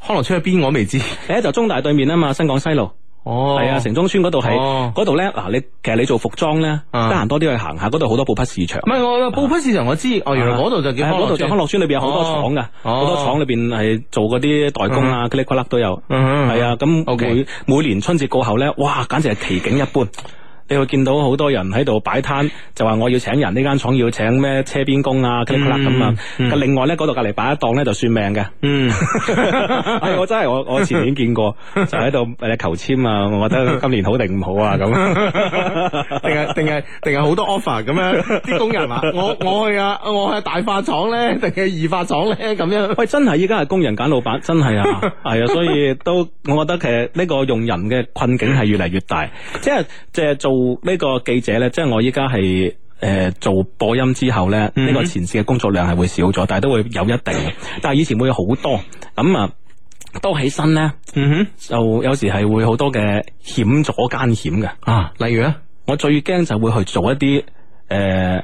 康樂村喺邊，我未知。誒，就中大對面啊嘛，新港西路。哦，係啊，城中村嗰度係，嗰度咧，嗱你，其實你做服裝咧，得閒多啲去行下，嗰度好多布匹市場。唔係我布匹市場，我知，哦原來嗰度就叫，嗰度就康樂村裏邊有好多廠噶，好多廠裏邊係做嗰啲代工啊，嗰啲骨粒都有，係啊，咁每每年春節過後咧，哇，簡直係奇景一般。你會見到好多人喺度擺攤，就話我要請人，呢間廠要請咩車邊工啊，咁啦咁啊。樣嗯、另外咧，嗰度隔籬擺一檔咧，就算命嘅。嗯，係、 哎、我真係我我前年見過， 就喺度誒求簽啊，我覺得今年好定唔好啊，咁定係定係定係好多 offer 咁樣啲 工人啊。我我去啊，我去、啊我去啊、大化廠咧，定係二化廠咧，咁樣。 喂，真係依家係工人揀老闆，真係啊，係啊，所以都我覺得其實呢個用人嘅困境係越嚟越大，即係即係做。呢個記者呢，即係我依家係誒做播音之後呢，呢、mm hmm. 個前線嘅工作量係會少咗，但係都會有一定。但係以前會好多，咁啊多起身呢，嗯哼、mm，hmm. 就有時係會好多嘅險阻艱險嘅啊。例如咧，我最驚就會去做一啲。誒、呃，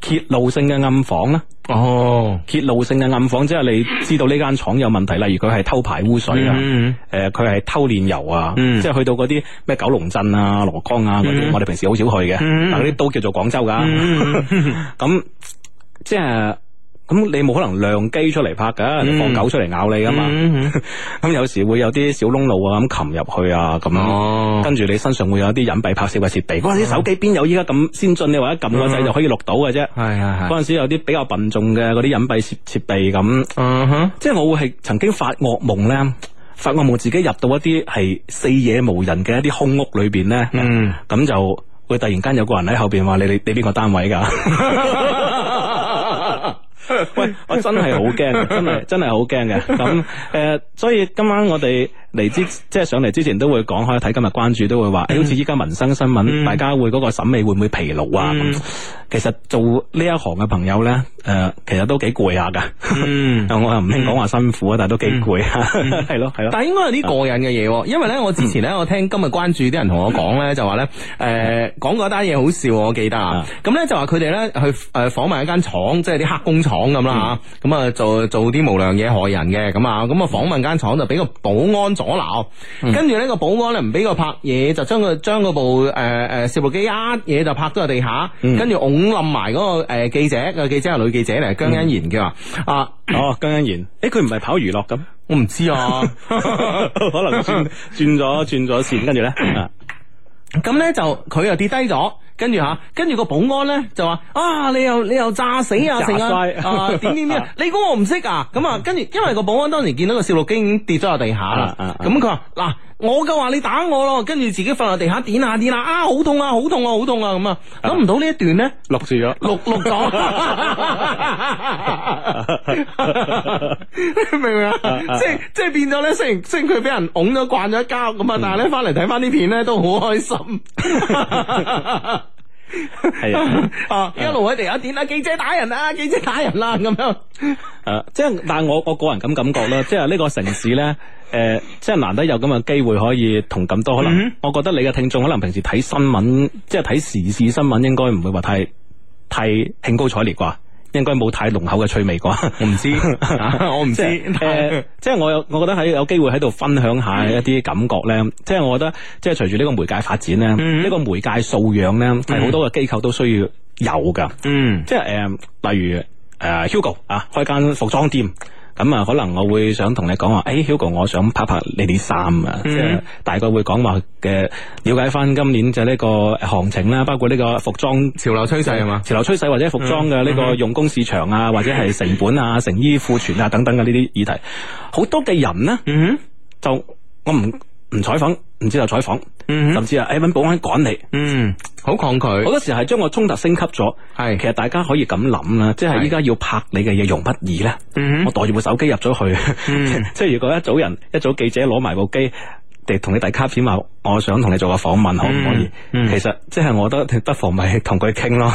揭露性嘅暗訪啦，哦，oh. 揭露性嘅暗訪即係你知道呢間廠有問題，例如佢係偷排污水啊，誒、啊，佢係偷煉油啊，即係去到嗰啲咩九龍鎮啊、蘿崗啊嗰啲，我哋平時好少去嘅，mm hmm. 但係嗰啲都叫做廣州噶，咁、mm hmm. 即係。咁你冇可能亮機出嚟拍噶，放狗出嚟咬你噶嘛？咁 有時會有啲小窿路啊，咁擒入去啊，咁跟住你身上會有啲隱蔽拍攝嘅設備。嗰陣時手機邊有依家咁先進，你或者撳個掣就可以錄到嘅啫。嗰陣、嗯、時有啲比較笨重嘅嗰啲隱蔽設設備咁，嗯、哼 即係我會係曾經發噩夢咧，發噩夢自己入到一啲係四野無人嘅一啲空屋裏邊咧，嗯，咁、嗯、就會突然間有個人喺後邊話你，你邊個單位噶？嗯哼 喂，我真係好驚，真係真係好驚嘅。咁，誒、呃，所以今晚我哋。嚟之即係上嚟之前都會講開睇今日關注都會話，誒，好似依家民生新聞大家會嗰個審美會唔會疲勞啊？其實做呢一行嘅朋友咧，誒其實都幾攰下嘅。我又唔興講話辛苦啊，但係都幾攰啊，係咯係咯。但係應該有啲過癮嘅嘢，因為咧我之前咧我聽今日關注啲人同我講咧就話咧誒，講過一單嘢好笑，我記得啊。咁咧就話佢哋咧去誒訪問一間廠，即係啲黑工廠咁啦吓，咁啊做做啲無良嘢害人嘅咁啊，咁啊訪問間廠就俾個保安。阻撓，跟住、嗯、呢個保安咧唔俾佢拍嘢，就將佢將嗰部誒誒攝錄機啊嘢就拍咗喺地下，跟住㧬冧埋嗰個誒、呃、記者個記者係女記者嚟，姜欣賢叫、嗯、啊，哦姜欣賢，誒佢唔係跑娛樂咁，我唔知啊， 可能轉轉咗轉咗線，跟住咧，咁咧、 嗯、就佢又跌低咗。跟住吓、啊，跟住個保安咧就話：啊，你又你又炸死啊，成彩啊，點點點， 你估我唔識啊，咁、嗯、啊，嗯、跟住因為個保安當年見到個小路已經跌咗落地下啦，咁佢話嗱。我就話你打我咯，跟住自己瞓落地下，點下點下啊，好痛啊，好痛啊，好痛啊咁啊！諗唔到呢一段咧錄住咗，錄錄咗， 明唔明啊？即係即係變咗咧，雖然雖然佢俾人㧬咗慣咗一跤咁啊，但係咧翻嚟睇翻呢片咧都好開心。係啊，啊一路喺地下點啊，記者打人啊，記者打人啦咁樣。誒、 啊，即係但係我我個人咁感覺啦，即係呢個城市咧。 誒，即係難得有咁嘅機會可以同咁多，可能我覺得你嘅聽眾可能平時睇新聞，即係睇時事新聞，應該唔會話太太興高采烈啩，應該冇太濃厚嘅趣味啩。我唔知，我唔知。誒，即係我有，我覺得喺有機會喺度分享下一啲感覺咧。即係我覺得，即係隨住呢個媒介發展咧，呢個媒介素養咧，係好多嘅機構都需要有噶。嗯，即係誒，例如誒 Hugo 啊，開間服裝店。咁啊，可能我會想同你講話，誒、哎，Hugo，我想拍拍你啲衫啊，即係、mm hmm. 大概會講話嘅了解翻今年就呢個行情啦，包括呢個服裝潮流趨勢係嘛，潮流趨勢或者服裝嘅呢個用工市場啊，mm hmm. 或者係成本啊、成衣庫存啊等等嘅呢啲議題，好多嘅人呢，嗯、mm，hmm. 就我唔。唔採訪，唔知道採訪，甚至啊，揾保安趕你，嗯，好抗拒。好多時係將個衝突升級咗，係。其實大家可以咁諗啦，即係依家要拍你嘅嘢容不易咧？我袋住部手機入咗去，即係如果一組人、一組記者攞埋部機，第同你遞卡片話，我想同你做個訪問，可唔可以？其實即係我覺得不妨咪同佢傾咯。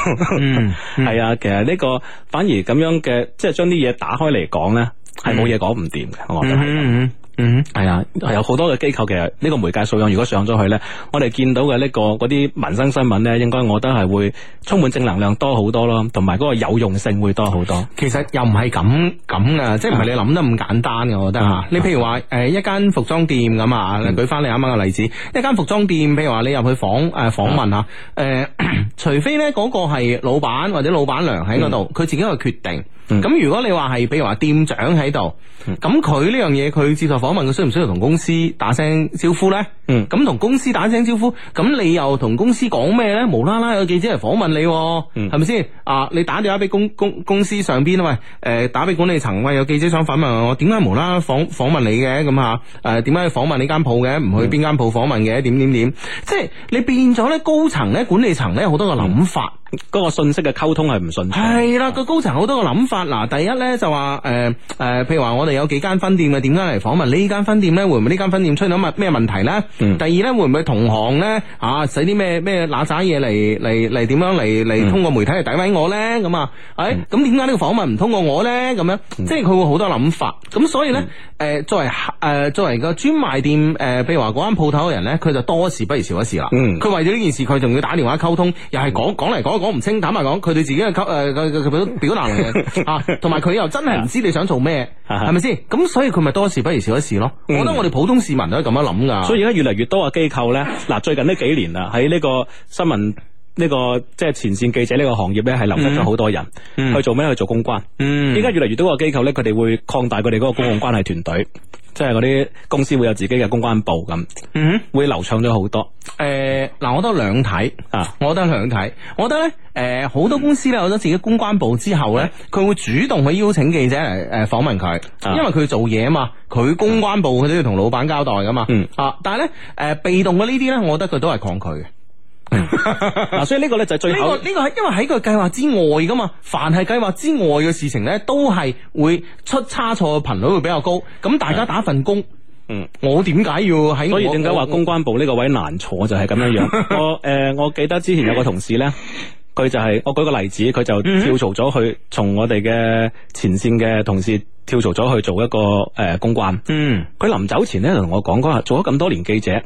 係啊，其實呢個反而咁樣嘅，即係將啲嘢打開嚟講咧，係冇嘢講唔掂嘅，我覺得係。嗯，係啊、mm hmm.，有好多嘅機構，其實呢個媒介素養如果上咗去呢，我哋見到嘅呢、嗰個嗰啲民生新聞呢，應該我覺得係會充滿正能量多好多咯，同埋嗰個有用性會多好多。其實又唔係咁咁噶，即係唔係你諗得咁簡單噶，我覺得吓。Mm hmm. 你譬如話誒一間服裝店咁啊，舉翻你啱啱嘅例子，mm hmm. 一間服裝店，譬如話你入去訪誒訪問吓，誒、mm，hmm. 除非呢嗰個係老闆或者老闆娘喺嗰度，佢、mm hmm. 自己嘅決定。咁、mm hmm. 如果你話係，譬如話店長喺度，咁佢呢樣嘢佢接受。Hmm. 訪問佢需唔需要同公司打聲招呼呢？嗯，咁同公司打聲招呼，咁你又同公司講咩呢？無啦啦有記者嚟訪問你，係咪先？啊，你打電話俾公公公司上邊喂，誒，打俾管理層喂，有記者想訪問我，點解無啦啦訪訪問你嘅？咁啊，誒、呃，點解訪問你間鋪嘅？唔去邊間鋪訪問嘅？點點點？即係你變咗呢，高層呢，管理層呢，好多個諗法。嗰個信息嘅溝通係唔順暢，係啦的，個的高層好多個諗法。嗱，第一咧就話，誒、呃、誒、呃，譬如話我哋有幾間分店嘅，點解嚟訪問呢間分店咧？會唔會呢間分店出咗乜咩問題咧？嗯、第二咧，會唔會同行咧啊，使啲咩咩那扎嘢，嚟嚟嚟點樣嚟嚟通過媒體嚟詆毀我咧？咁啊、嗯，誒、哎，咁點解呢個訪問唔通過我咧？咁樣，嗯、即係佢會好多諗法。咁所以咧，誒、嗯呃，作為誒、呃、作為個專賣店，誒，譬如話嗰間鋪頭嘅人咧，佢就多一事不如少一事啦。嗯，佢為咗呢件事，佢仲要打電話溝通，又係講講嚟講。說來說來我講唔清，坦白講，佢對自己嘅溝誒表表達嚟嘅啊，同埋佢又真係唔知你想做咩，係咪先？咁所以佢咪多一事不如少一事咯。嗯、我覺得我哋普通市民都係咁樣諗噶。所以而家越嚟越多嘅機構咧，嗱， 最近呢幾年啦，喺呢個新聞。呢、呢個即係前線記者呢個行業呢，係流失咗好多人、嗯、去做咩？去做公關。依家、嗯、越嚟越多個機構呢，佢哋會擴大佢哋嗰個公共關係團隊，嗯、即係嗰啲公司會有自己嘅公關部咁，嗯、會流暢咗好多。誒，嗱，我覺得兩睇啊，我覺得兩睇。我覺得呢，誒、呃，好多公司呢，有咗自己公關部之後呢，佢、嗯、會主動去邀請記者嚟誒訪問佢，嗯、因為佢做嘢啊嘛，佢公關部佢都要同老闆交代噶嘛。啊、嗯，但係呢，誒、呃，被動嘅呢啲呢，我覺得佢都係抗拒嘅。嗱，所以呢個咧就係最後呢、這個呢、這個係因為喺個計劃之外噶嘛，凡係計劃之外嘅事情咧，都係會出差錯嘅頻率會比較高。咁大家打份工， 嗯我我，我點解要喺？所以點解話公關部呢個位難坐就係咁樣樣？ 我誒、呃，我記得之前有個同事咧，佢 就係、是、我舉個例子，佢就跳槽咗去從我哋嘅前綫嘅同事跳槽咗去做一個誒、呃、公關。嗯，佢臨走前咧同我講嗰下，做咗咁多年記者。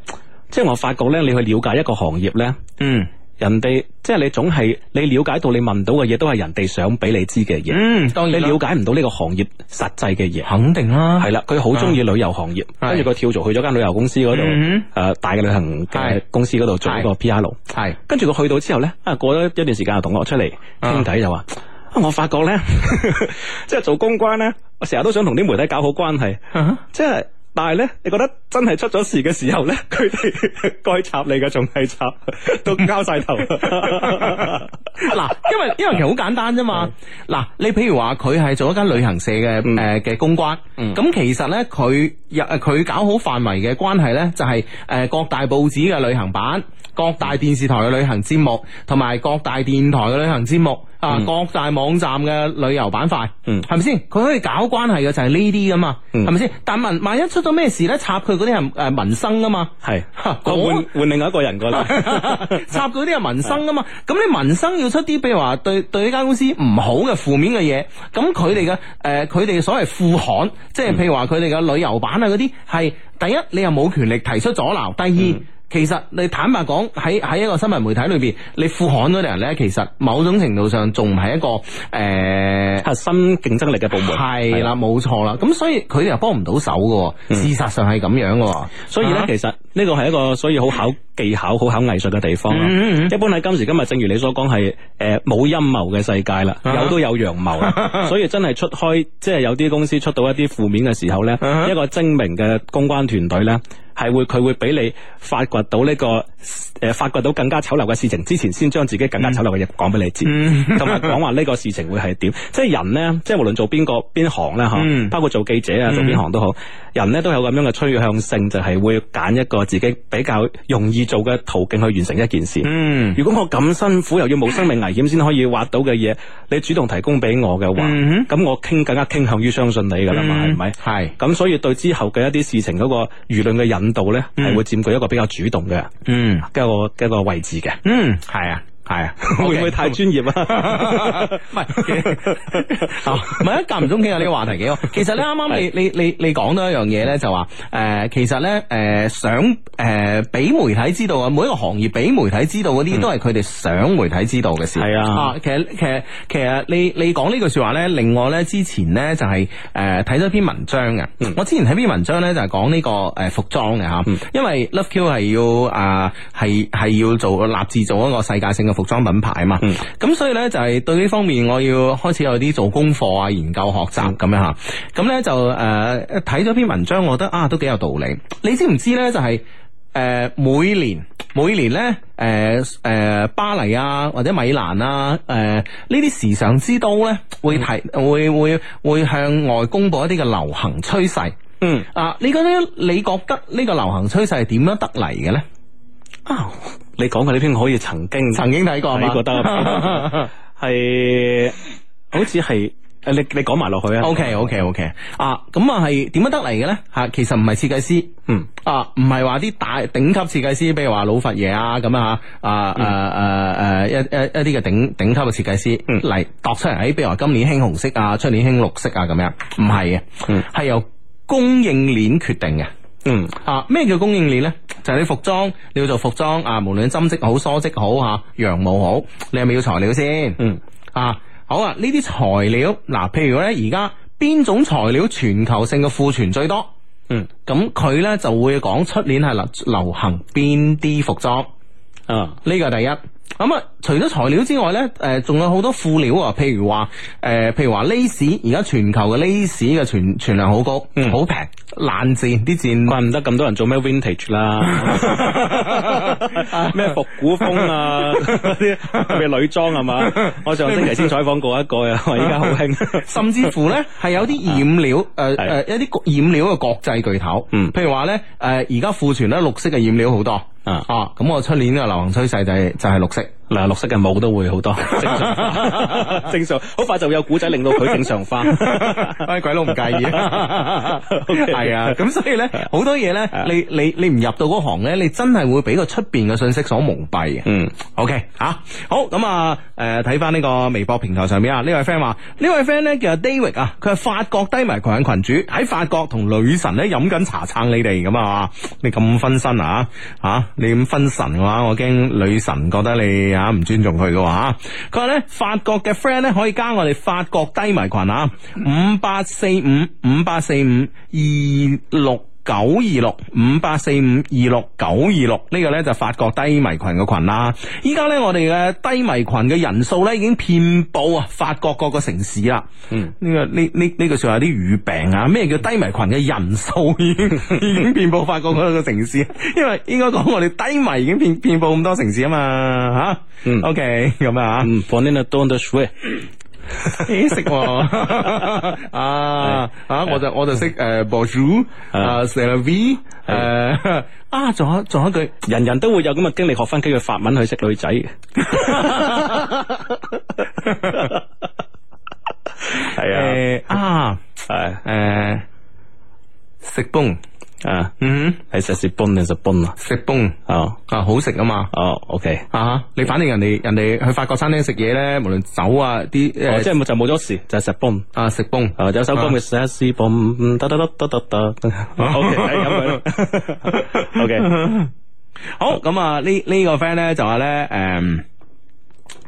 即係我發覺咧，你去了解一個行業咧，嗯，人哋即係你總係你了解到你問到嘅嘢，都係人哋想俾你知嘅嘢。嗯，當然了你了解唔到呢個行業實際嘅嘢。肯定啦、啊，係啦，佢好中意旅遊行業，跟住佢跳槽去咗間旅遊公司嗰度，誒的、呃，大嘅旅行公司嗰度做呢個 PR。係，跟住佢去到之後咧，啊，過咗一段時間又同我出嚟傾偈就話啊，嗯、我發覺咧，即 係做公關咧，我成日都想同啲媒體搞好關係，即係。但係呢，你覺得真係出咗事嘅時候呢，佢哋該插你嘅，仲係插都交晒頭嗱。因為因為其實好簡單啫嘛嗱。你譬 如話佢係做一間旅行社嘅誒嘅公關咁，嗯、其實呢，佢又佢搞好範圍嘅關係呢，就係、是、誒各大報紙嘅旅行版、各大電視台嘅旅行節目，同埋各大電台嘅旅行節目。啊！各大網站嘅旅遊板塊，係咪先？佢可以搞關係嘅就係呢啲噶嘛，係咪先？但萬萬一出咗咩事咧，插佢嗰啲係誒民生噶嘛，係是。啊、我換換換另外一個人過嚟、那個， 插嗰啲係民生噶嘛。咁是你民生要出啲，譬如話對對呢間公司唔好嘅負面嘅嘢，咁佢哋嘅誒，佢哋、嗯呃、所謂副刊，即係譬如話佢哋嘅旅遊版啊嗰啲，係第一，第一你又冇權力提出阻撓，第二。第二嗯其實你坦白講，喺喺一個新聞媒體裏邊，你副刊嗰啲人呢，其實某種程度上仲唔係一個誒、呃、核心競爭力嘅部門。係啦的，冇錯啦。咁所以佢哋又幫唔到手嘅，嗯、事實上係咁樣嘅。所以呢，其實呢個係一個所以好考技巧、好考藝術嘅地方。嗯嗯嗯一般喺今時今日，正如你所講，係誒冇陰謀嘅世界啦，啊、有都有陽謀啦。 所以真係出開，即、就、係、是、有啲公司出到一啲負面嘅時候呢，嗯、一個精明嘅公關團隊呢。係會佢會俾你發掘到呢個誒，發掘到更加醜陋嘅事情之前，先將自己更加醜陋嘅嘢講俾你知，同埋講話呢個事情會係點？即係人呢，即係無論做邊個邊行呢，包括做記者啊，做邊行都好，人呢都有咁樣嘅趨向性，就係會揀一個自己比較容易做嘅途徑去完成一件事。如果我咁辛苦又要冇生命危險先可以挖到嘅嘢，你主動提供俾我嘅話，咁我傾更加傾向於相信你噶啦嘛，係咪？係咁，所以對之後嘅一啲事情嗰個輿論嘅人度咧，係會佔據一個比較主動嘅，嗯，嘅一個嘅一個位置嘅，嗯，係啊。係啊，okay，會唔會太專業 啊？唔係，啊，唔係，間唔中傾下呢個話題幾好。其實你啱啱你你你你講到一樣嘢咧，就話誒，其實咧誒、呃、想誒俾、呃、媒體知道啊，每一個行業俾媒體知道啲，都係佢哋想媒體知道嘅事。係啊、 嗯，啊，其實其實其實你你講呢句說話咧，令我咧之前咧就係誒睇咗篇文章嘅。 我之前睇篇文章咧就係講呢個誒服裝嘅吓， 因為 Love Q 係要啊係係要做立志做一個世界性嘅服裝。服裝品牌啊嘛，咁、嗯、所以呢，就係、是、對呢方面我要開始有啲做功課啊、研究學習咁樣吓，咁、嗯、呢、嗯，就誒睇咗篇文章，我覺得啊都幾有道理。你知唔知呢？就係、是、誒、呃、每年每年呢，誒、呃、誒、呃、巴黎啊或者米蘭啊誒呢啲時尚之都呢，會提會會會，會向外公佈一啲嘅流行趨勢。嗯啊，你覺得你覺得呢個流行趨勢係點樣得嚟嘅呢？啊。你講過呢篇可以曾經曾經睇過得， 你覺得係好似係誒？你你講埋落去啊？O K O K O K 啊！咁啊係點樣得嚟嘅咧？吓、啊，其實唔係設計師，嗯啊，唔係話啲大頂級設計師，比如話老佛爺啊咁啊，啊、嗯、啊啊啊一一一啲嘅頂頂級嘅設計師嚟度、嗯、出嚟，喺比如話今年興紅色啊，出年興綠色啊，咁樣唔係嘅，係、嗯、由供應鏈決定嘅。.嗯啊，咩叫供應鏈呢？就係、是、啲服裝，你要做服裝啊，無論針織好、梳織好、吓羊毛好，你係咪要材料先？嗯啊，好啊，呢啲材料嗱、啊，譬如呢，而家邊種材料全球性嘅庫存最多？嗯，咁佢呢就會講出年係流流行邊啲服裝？嗯、啊，呢個第一。咁啊，除咗材料之外咧，誒，仲有好多副料啊，譬如話，誒，譬如話 lace，而家全球嘅 lace 嘅存存量好高，嗯，好平，冷戰啲戰，怪唔得咁多人做咩 vintage 啦，咩復古風啊，啲咩女裝系嘛，我上星期先採訪過一個啊，我依家好興，甚至乎咧係有啲染料，誒誒，一啲染料嘅國際巨頭，嗯，譬如話咧，誒，而家庫存咧綠色嘅染料好多。啊，咁我出年嘅流行趨勢就係、是、就係、是、綠色。嗱，綠色嘅帽都會好多正常， 正常好快就會有古仔令到佢正常化，啲 鬼佬唔介意啊，係啊，咁所以咧，好多嘢咧，你你你唔入到嗰行咧，你真係會俾個出邊嘅信息所蒙蔽嘅。嗯，OK 吓、啊，好咁啊，誒，睇翻呢個微博平台上面啊，位位呢位 friend 話，呢位 friend 咧叫 David 啊，佢係法國低迷群人群主，喺法國同女神咧飲緊茶撐你哋咁啊，你咁分身啊，啊，你咁分神嘅、啊、話，我驚女神覺得你。啊唔尊重佢嘅話，佢話咧法國嘅 friend 咧可以加我哋法國低迷群啊，五八四五，五八四五，二六。九二六五八四五二六九二六呢個咧就是，法國低迷群嘅群啦，依家咧我哋嘅低迷群嘅人數咧已經遍布啊法國各個城市啦。嗯，呢個呢呢呢個仲有啲語病啊？咩叫低迷群嘅人數已經已經遍布法國各個城市？因為應該講我哋低迷已經遍遍布咁多城市啊嘛，吓。嗯，OK 咁啊。嗯 okay，嘢食 啊！吓，我就我就識誒、uh,，Bonjour 啊，C'est la 誒，vie, uh, 啊，仲有仲有一句，人人都會有咁嘅經歷，學翻幾句法文去識女仔。係 啊，誒啊、uh, uh, uh,，誒，食崩。誒，嗯哼，係石屎崩定石崩啊？石崩哦，啊好食啊嘛，哦，OK，啊吓，你反正人哋人哋去法國餐廳食嘢咧，無論酒啊啲誒，即係冇就冇咗事，就係石崩啊，石崩，有首歌叫《石屎崩》，得得得得得得，OK，咁樣，OK，好，咁啊，呢呢個 friend 咧就話咧，誒。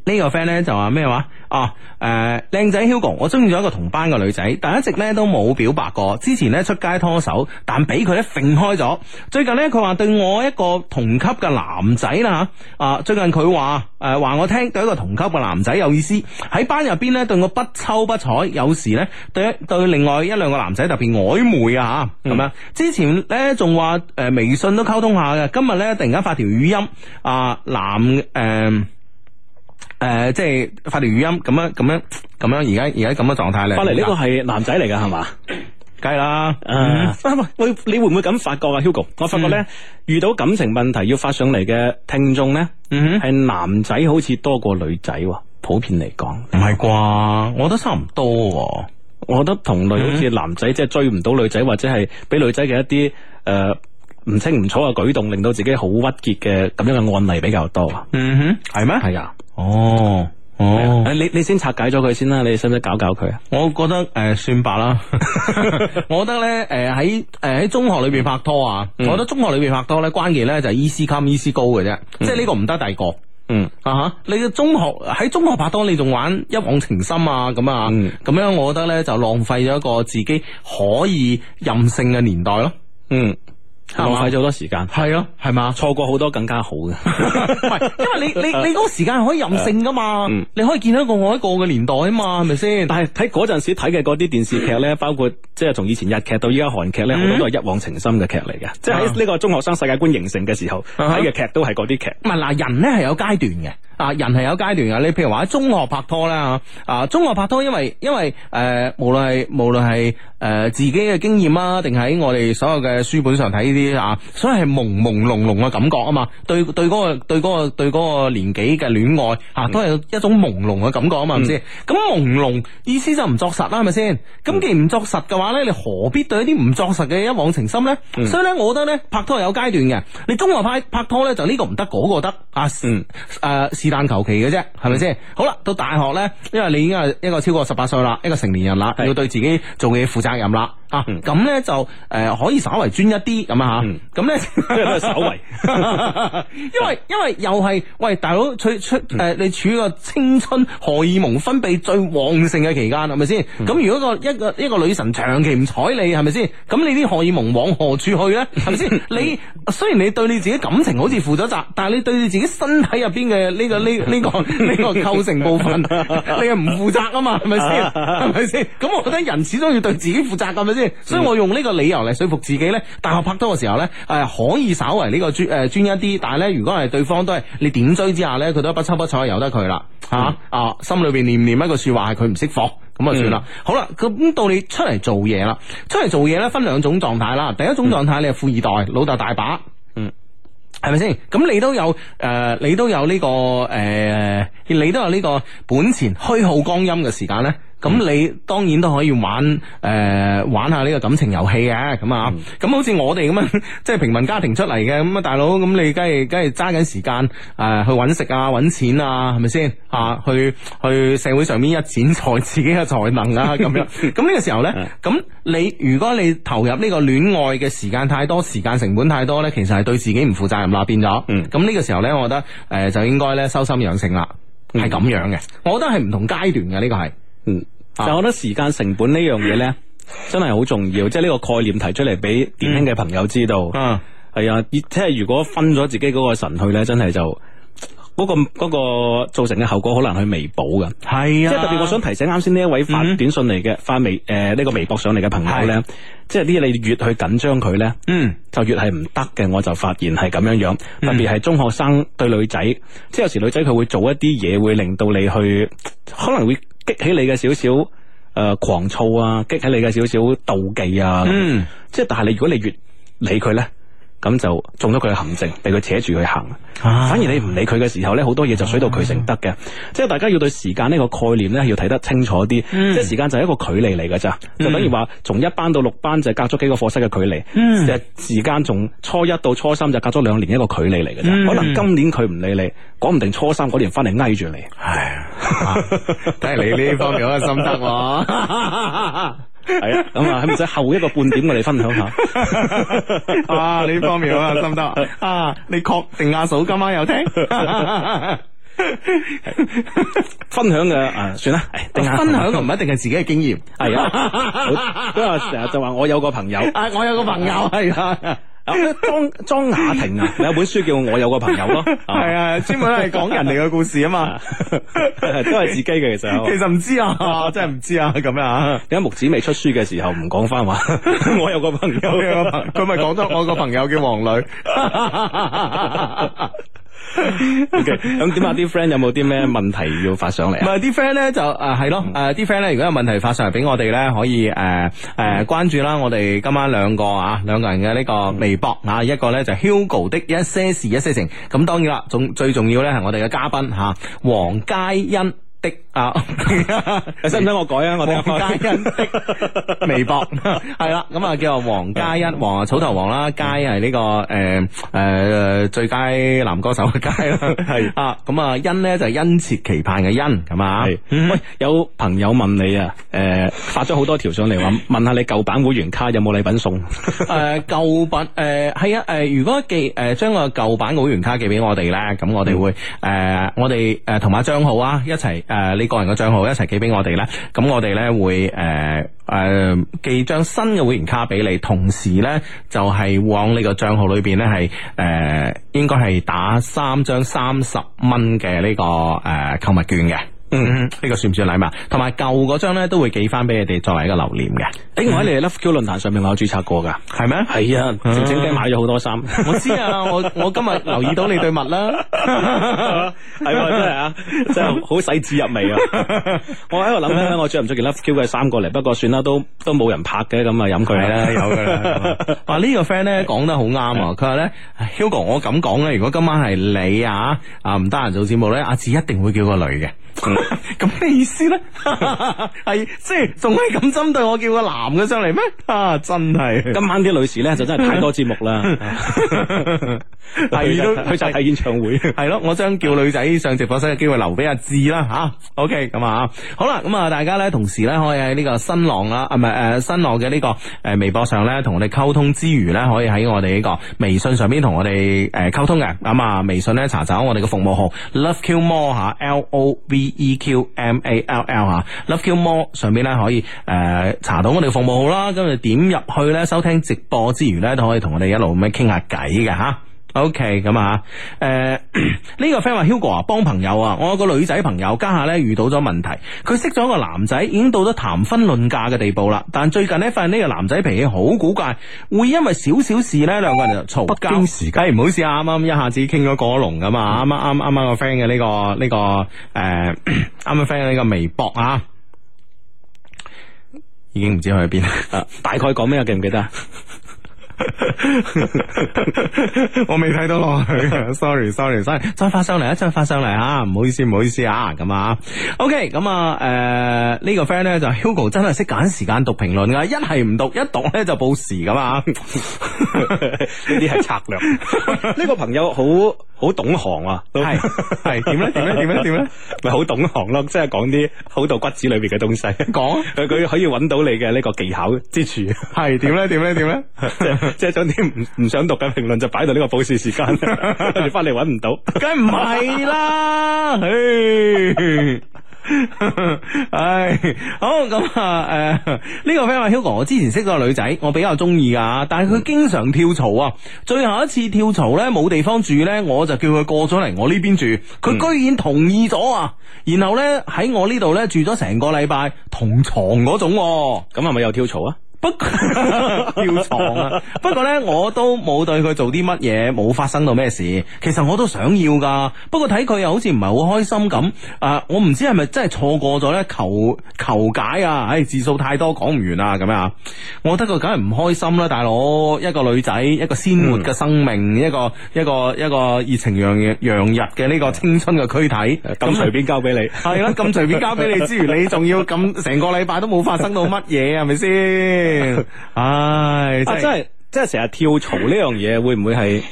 呢個 friend 咧就話咩話？啊，誒、呃，靚仔 Hugo，我中意咗一個同班嘅女仔，但一直咧都冇表白過。之前咧出街拖手，但俾佢咧甩開咗。最近咧佢話對我一個同級嘅男仔啦吓，啊，最近佢話誒話我聽對一個同級嘅男仔有意思，喺班入邊咧對我不瞅不睬，有時咧對對另外一兩個男仔特別曖昧啊吓，咁、嗯、樣。之前咧仲話誒微信都溝通下嘅，今日咧突然間發條語音，啊男誒。呃誒、呃，即係發條語音咁樣，咁樣，咁樣，而家而家咁嘅狀態咧。發嚟呢個係男仔嚟㗎係嘛？梗係啦。啊，喂，你會唔會咁發覺啊？Hugo，我發覺咧，嗯、遇到感情問題要發上嚟嘅聽眾咧，係、嗯、哼男仔好似多過女仔喎，普遍嚟講。唔係啩？我覺得差唔多、啊。 我覺得同類好似男仔即係追唔到女仔，或者係俾女仔嘅一啲誒。呃唔清唔楚嘅舉動，令到自己好鬱結嘅咁樣嘅案例比較多啊。嗯哼，係咩？係啊。哦，哦。誒，你你先拆解咗佢先啦。你使唔使搞搞佢啊？我覺得誒，算吧啦。我覺得咧，誒喺誒喺中學裏邊拍拖啊。我覺得中學裏邊拍拖咧，關鍵咧就係 easy come, easy go 嘅啫。即係呢個唔得第二個。嗯啊哈。你嘅中學喺中學拍拖，你仲玩一往情深啊？咁啊？咁樣我覺得咧就浪費咗一個自己可以任性嘅年代咯。嗯。浪費咗好多時間，係咯、啊，係嘛，錯過好多更加好嘅。唔係， 因為你你你嗰個時間係可以任性噶嘛，嗯、你可以見到各個我一我嘅年代啊嘛，係咪先？是是但係睇嗰陣時睇嘅嗰啲電視劇咧， 包括即係從以前日劇到依家韓劇咧，好、嗯、多都係一往情深嘅劇嚟嘅。即係喺呢個中學生世界觀形成嘅時候睇嘅劇都係嗰啲劇。唔係嗱，人咧係有階段嘅。啊，人係有階段㗎，你譬如話喺中學拍拖啦，啊，中學拍拖因，因為因為誒，無論係無論係誒、呃、自己嘅經驗啊，定喺我哋所有嘅書本上睇呢啲啊，所以係朦朦朧朧嘅感覺啊嘛，對對嗰、嗰個對嗰、嗰個對個年紀嘅戀愛啊，都係一種朦朧嘅感覺啊嘛，唔知咁朦朧意思就唔作實啦，係咪先？咁既唔作實嘅話咧，你何必對一啲唔作實嘅一往情深咧？嗯、所以咧，我覺得咧，拍拖係有階段嘅，你中學拍拍拖咧就呢個唔、嗰個、得，嗰個得啊，誒，單求其嘅啫，係咪先？好啦，到大學呢，因為你已經係一個超過十八歲啦，一個成年人啦，要對自己做嘢負責任啦。啊，咁呢，就誒可以稍微專一啲咁啊吓。咁呢稍為，因為因為又係喂大佬，出出誒你處於個青春荷爾蒙分泌最旺盛嘅期間，係咪先？咁如果個一個一個女神長期唔睬你，係咪先？咁你啲荷爾蒙往何處去呢？係咪先？你雖然你對你自己感情好似負咗責，但係你對你自己身體入邊嘅呢個。呢呢個呢個構成部分，你又唔負責啊嘛，係咪先？係咪先？咁我覺得人始終要對自己負責噶，係咪先？所以我用呢個理由嚟說服自己咧，大學拍拖嘅時候呢，誒、啊、可以稍為呢個專誒專一啲，但係呢，如果係對方都係你點追之下呢，佢都不瞅不睬，由得佢啦，吓、嗯、啊心裏邊念唔念一句說話係佢唔識貨，咁啊算啦。嗯、好啦，咁到你出嚟做嘢啦，出嚟做嘢呢，分兩種狀態啦。第一種狀態、嗯、你係富二代，老豆大把。係咪先？咁你都有，誒、呃，你都有呢個，誒、呃，你都有呢個本錢虛耗光陰嘅時間咧？咁你當然都可以玩誒、呃、玩下呢個感情遊戲嘅咁啊！咁好似我哋咁樣，即係平民家庭出嚟嘅咁啊，大佬咁你梗係梗係揸緊時間誒、呃、去揾食啊、揾錢啊，係咪先啊？去去社會上面一展才自己嘅才能啊！咁樣咁呢個時候呢，咁你如果你投入呢個戀愛嘅時間太多，時間成本太多呢，其實係對自己唔負責任啦，變咗。嗯。咁呢個時候呢，我覺得誒、呃、就應該咧收心養性啦，係咁樣嘅。嗯、我覺得係唔同階段嘅呢、這個係。嗯，但我覺得時間成本呢樣嘢呢，真係好重要，即係呢個概念提出嚟俾年輕嘅朋友知道。嗯，係啊，即係如果分咗自己嗰個神去呢，真係就嗰個嗰個造成嘅後果好難去彌補嘅。係啊，即係特別我想提醒啱先呢一位發短信嚟嘅發微誒呢個微博上嚟嘅朋友呢，即係啲你越去緊張佢呢，嗯，就越係唔得嘅。我就發現係咁樣樣，特別係中學生對女仔，即係有時女仔佢會做一啲嘢，會令到你去可能會。激起你嘅少少誒狂躁啊，激起你嘅少少妒忌啊，嗯，即係但係，你如果你越理佢咧，咁就中咗佢嘅陷阱，畀佢扯住佢行。啊、反而你唔理佢嘅時候呢，好多嘢就水到渠成得嘅。啊、即係大家要對時間呢個概念呢，要睇得清楚啲。嗯、即係時間就係一個距離嚟噶咋，就等於話從一班到六班就隔咗幾個課室嘅距離。其實、嗯、時間從初一到初三就隔咗兩年一個距離嚟嘅咋，嗯、可能今年佢唔理你，講唔定初三嗰年翻嚟挨住你。係啊，睇你呢方面好有心得喎。 係啊，咁 啊，使唔使後一個半點我哋分享下，啊，呢方面好啊，心得啊？你確定阿嫂今晚有聽？分享嘅啊，算啦，定分享唔係一定係自己嘅經驗，係啊，成日就話我有個朋友，啊， 我有個朋友係啊。 莊莊雅婷啊， 有本書叫我有個朋友咯，係 啊，專門係講人哋嘅故事啊嘛、 啊，都係自己嘅、啊、其實。其實唔知啊， 真係唔知啊，咁樣、啊。點解木子未出書嘅時候，唔講翻話。 我有個朋友佢咪講咗我個朋友叫王女。 O K，咁點啊？啲 friend 樂、OK, 有冇啲咩問題要發上嚟？唔係啲 friend 咧就誒係、啊、咯，誒啲 friend 咧如果有問題發上嚟俾我哋咧，可以誒誒、呃呃、關注啦。我哋今晚兩個啊兩個人嘅呢個微博啊，一個咧就是、Hugo 的一些事一些情。咁、啊、當然啦，總最重要咧係我哋嘅嘉賓吓，黃、啊、佳欣的。啊，使唔使我改啊？我哋黃嘉欣的微博係啦，咁啊叫做黃嘉欣，黃啊草頭黃啦，嘉係呢個誒誒最佳男歌手嘅嘉啦，係啊，咁啊欣咧就係殷切期盼嘅欣，係嘛？係喂，有朋友問你啊，誒、呃、發咗好多條上嚟話，問下你舊版會員卡有冇禮品送？誒、啊、舊版誒係啊，誒如果寄誒將個舊版會員卡寄俾我哋咧，咁我哋會誒我哋誒同埋張浩啊一齊誒。你個人嘅賬號一齊寄俾我哋咧，咁我哋呢會誒誒、呃呃、寄張新嘅會員卡俾你，同時呢，就係、是、往呢個賬號裏邊呢，係、呃、誒應該係打三張三十蚊嘅呢個誒購、呃、物券嘅。呢、嗯這個算唔算禮物？同埋舊嗰張咧都會寄翻俾你哋作為一個留念嘅。誒、嗯，我喺你哋 Love Q 論壇上面我有注冊過噶，係咩？係啊，整整嘅買咗好多衫。我知啊，我我今日留意到你對襪啦，係嘛、啊啊啊就是，真係啊，真係好細致入味 band, ige,、yeah. 就是、啊！我喺度諗咧，我着唔着件 Love Q 嘅衫過嚟？不過算啦，都都冇人拍嘅，咁啊飲佢啦，有噶啦。哇，呢個 friend 咧講得好啱啊！佢話咧，Hugo，我咁講咧，如果今晚係你啊啊唔得閒做節目咧，阿志一定會叫個女嘅。啊啊啊咁咩意思咧？係即係仲係咁針對我叫個男嘅上嚟咩？啊，真係！今晚啲女士咧就真係太多節目啦，係咯，去就睇演唱會。係咯，我將叫女仔上直播室嘅機會留俾阿志啦。吓，OK，咁啊，好啦，咁啊，大家咧同時咧可以喺呢個新浪啦，啊唔係誒，新浪嘅呢個誒微博上咧同我哋溝通之餘咧，可以喺我哋呢個微信上邊同我哋誒溝通嘅。咁啊，微信咧查找我哋嘅服務號 Love Q More 吓，L O V。e e q m a l l 啊 l o v e you more 上邊咧可以誒、呃、查到我哋嘅服務號啦，咁就點入去咧收聽直播之餘咧都可以同我哋一路咁樣傾下偈嘅吓。O K，咁啊，誒、呃，呢、這個 friend 話 Hugo 啊，幫朋友啊，我有個女仔朋友家下咧遇到咗問題，佢識咗一個男仔，已經到咗談婚論嫁嘅地步啦，但最近咧發現呢個男仔脾氣好古怪，會因為少少事咧兩個人就嘈交。北京時間唔好意思啊，啱啱、哎、一下子傾咗過龍㗎嘛，啱啱啱啱個 friend 嘅呢個呢、這個誒，啱啱 friend 嘅呢個微博啊，已經唔知去邊啊， 大概講咩啊？記唔記得啊？ 我未睇到落去，sorry，sorry，sorry，sorry。再發上嚟啊，再發上嚟吓，唔好意思，唔好意思啊，咁啊，OK，咁啊，誒、呃，這個、呢個 friend 咧就是、Hugo 真係識揀時間讀評論噶，一係唔讀，一讀咧就報時噶嘛，呢啲係策略。呢 個朋友好好懂行啊，都係係點咧？點咧？點咧？點咧？咪好 懂行咯，即係講啲好到骨子裏邊嘅東西。講佢，佢可以揾到你嘅呢個技巧之處。係點咧？點咧？點咧？即係想啲唔唔想讀嘅評論就擺到呢個保時時間，跟住翻嚟揾唔到，梗唔係啦，唉、 哎哎，好咁啊，誒、嗯，呢個 friend 阿 Hugo，我之前識咗個女仔，我比較中意啊，但係佢經常跳槽啊，最後一次跳槽咧冇地方住咧，我就叫佢過咗嚟我呢邊住，佢、嗯嗯、居然同意咗啊，然後咧喺我呢度咧住咗成個禮拜同床嗰種，咁係咪又跳槽啊？嗯嗯嗯不吊 床啊了！ 不過呢，我都冇對佢做啲乜嘢，冇發生到咩事。其實我都想要㗎，不過睇佢又好似唔係好開心咁。啊、呃，我唔知係咪真係錯過咗呢？求求解啊！唉、哎，字數太多講唔完啦，咁樣啊！樣我覺得佢梗係唔開心啦、啊，大佬一個女仔，一個鮮活嘅生命，嗯、一個一個一個熱情洋洋溢嘅呢個青春嘅軀體，咁、嗯嗯、隨便交俾你係、嗯、啦，咁隨便交俾你 之餘你，你仲要咁成個禮拜都冇發生到乜嘢係咪先？是唉、 哎，真係真係成日跳槽呢樣嘢，會唔會係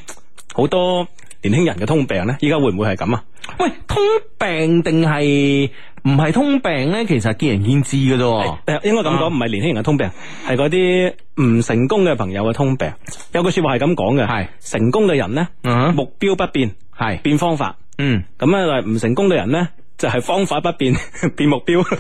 好多年輕人嘅通病呢？依家會唔會係咁啊？喂，通病定係唔係通病呢？其實見仁見智嘅啫，應該咁講，唔係、嗯、年輕人嘅通病，係嗰啲唔成功嘅朋友嘅通病。有句話說話係咁講嘅，係是成功嘅人咧，嗯、目標不變，係是變方法。嗯，咁咧唔成功嘅人呢，就係、是、方法不變， 變目標。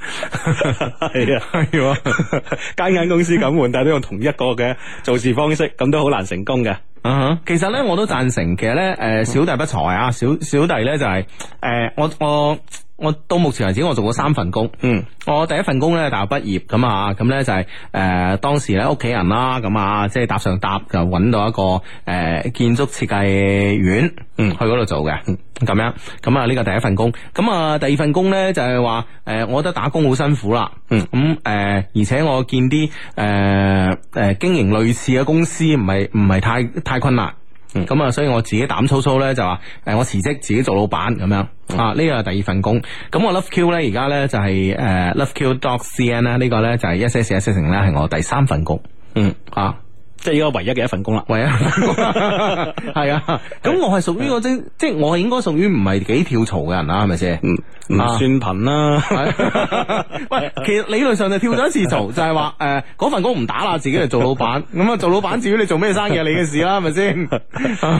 係啊，係啊， 間間 公司咁換，但係都用同一個嘅做事方式，咁都好難成功嘅。啊、uh，huh. 其實咧我都贊成，其實咧，誒、huh. 呃，小弟不才啊，小小弟咧就係、是，誒、呃，我我。我到目前為止，我做過三份工。嗯，我第一份工咧，大學畢業咁啊，咁咧就係、是、誒、呃，當時咧屋企人啦，咁啊，即係、啊就是、搭上搭就搵到一個誒、呃、建築設計院，嗯，去嗰度做嘅，咁樣。咁啊，呢個、啊、第一份工。咁啊，第二份工咧就係、是、話，誒、呃，我覺得打工好辛苦啦。嗯。咁誒、嗯呃，而且我見啲誒誒，經營類似嘅公司，唔係唔係太太困難。咁啊，嗯、所以我自己膽粗粗咧就話，誒，我辭職自己做老闆咁樣、嗯、啊，呢個係第二份工。咁、啊、我 Love Q 咧而家咧就係、是、誒、uh, Love Q dot cn 啦、啊、呢、這個咧就係一些事一些情咧係我第三份工。嗯啊。即係依家唯一嘅一份工啦，唯一，係啊，咁我係屬於個即係我係應該屬於唔係幾跳槽嘅人啦，係咪先？唔算貧啦。喂，其實理論上就跳咗一次槽，就係話誒嗰份工唔打啦，自己嚟做老闆。咁啊做老闆，至於你做咩生意，你嘅事啦，係咪先？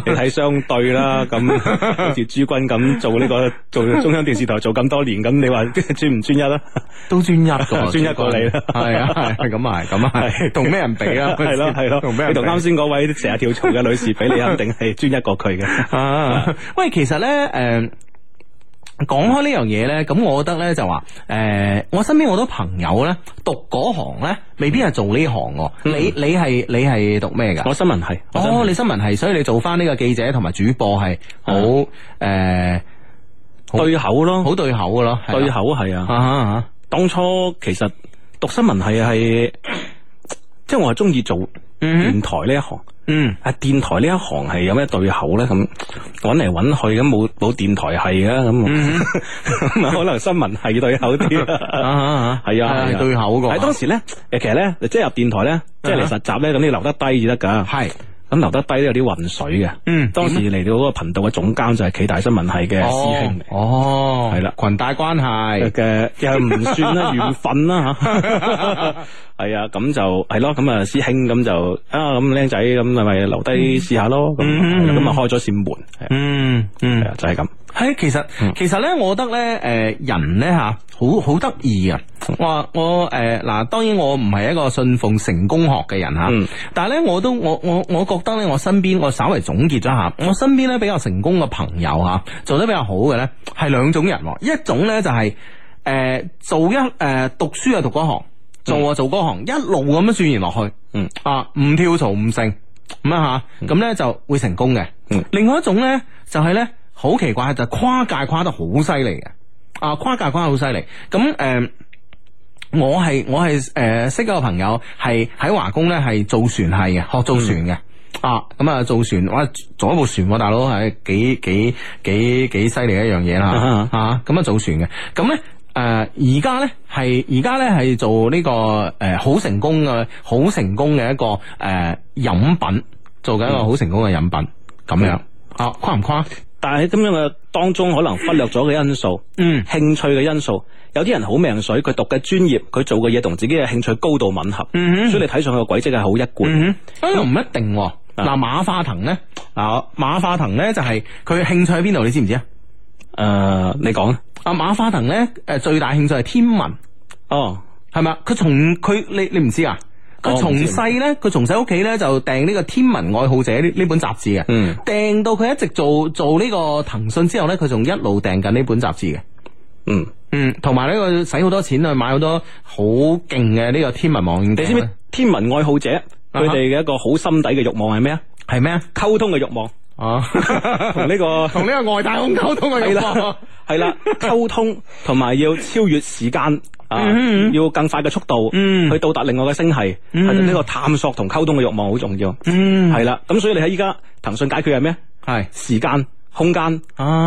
你睇相對啦，咁好似朱軍咁做呢個做中央電視台做咁多年，咁你話專唔專一啦？都專一，專一過你啦。係啊，係咁啊，係咁係同咩人比啊？係咯，係咯。同啱先嗰位成日跳槽嘅女士比，你肯定係專一過佢嘅。喂，其實咧，誒，講開呢樣嘢咧，咁我覺得咧就話，誒，我身邊好多朋友咧讀嗰行咧，未必係做呢行。你你係你係讀咩噶？我新聞系哦，你新聞系，所以你做翻呢個記者同埋主播係好誒對口咯，好對口嘅咯，對口係啊。吓吓吓，當初其實讀新聞系係，即係我係中意做。Mm hmm. 電台呢一行，啊、mm hmm. 電台呢一行係有咩對口咧？咁揾嚟揾去咁冇冇電台係嘅。咁可能新聞系對口啲，係 啊對口個。喺係當時咧，誒其實咧，即係入電台咧，即係嚟實習咧，咁、uh huh. 你要留得低至得噶。係。咁留得低都有啲混水嘅，嗯，當時嚟到嗰個頻道嘅總監就係暨大新聞系嘅師兄，哦，係啦，裙帶關係嘅，誒唔算啦，緣分啦吓，係啊，咁就係咯，咁啊師兄咁就啊咁靚仔咁係咪留低試下咯，咁咁啊開咗扇門，嗯嗯，係啊就係咁。係，其實其實咧，我覺得咧，誒、呃，人咧吓，好好得意啊！我我誒，嗱、呃，當然我唔係一個信奉成功學嘅人吓，嗯、但係咧，我都我我我覺得咧，我身邊我稍微總結咗下，我身邊咧比較成功嘅朋友吓，做得比較好嘅咧，係兩種人，一種咧就係、是、誒、呃、做一誒、呃、讀書啊讀嗰行，做啊做嗰行，一路咁樣鑽研落去，嗯啊，唔跳槽唔剩，咁啊吓，咁咧、嗯、就會成功嘅。嗯、另外一種咧就係、是、咧。好奇怪就係、跨界跨得好犀利嘅啊！跨界跨得好犀利咁誒，我係我係誒、呃、識個朋友係喺華工咧，係做船係嘅，學做船嘅啊。咁啊，做船、嗯啊嗯、做船哇，做一部船大佬係幾幾幾幾犀利一樣嘢啦吓咁啊，嗯、啊做船嘅咁咧誒，而家咧係而家咧係做呢個誒好成功嘅好成功嘅一個誒飲品，做緊一個好成功嘅飲品咁樣、嗯、啊，跨唔跨？但係喺咁樣嘅當中，可能忽略咗嘅因素，嗯、興趣嘅因素，有啲人好命水，佢讀嘅專業，佢做嘅嘢同自己嘅興趣高度吻合，嗯、哼所以你睇上去嘅軌跡係好一貫，又唔、嗯哎、一定。嗱、啊，啊、馬化騰呢、就係，嗱，馬化騰呢，就係佢興趣喺邊度，你知唔知啊？誒、呃，你講啊，馬化騰呢，誒，最大興趣係天文，哦，係咪佢從佢，你你唔知啊？佢從細呢，佢從細屋企呢，就訂呢個天文愛好者呢呢本雜誌嘅，訂、嗯、到佢一直做做呢個騰訊之後呢，佢仲一路訂緊呢本雜誌嘅。嗯嗯，同埋、嗯、呢個使好多錢去買好多好勁嘅呢個天文望遠鏡。你知唔知天文愛好者佢哋嘅一個好心底嘅慾望係咩啊？係咩啊？溝通嘅慾望。啊，同呢個同呢個外太空溝通嘅欲望，係啦，溝通同埋要超越時間啊，要更快嘅速度，去到達另外嘅星系，係呢個探索同溝通嘅欲望好重要，嗯，係啦，咁所以你喺依家騰訊解決係咩？係時間、空間，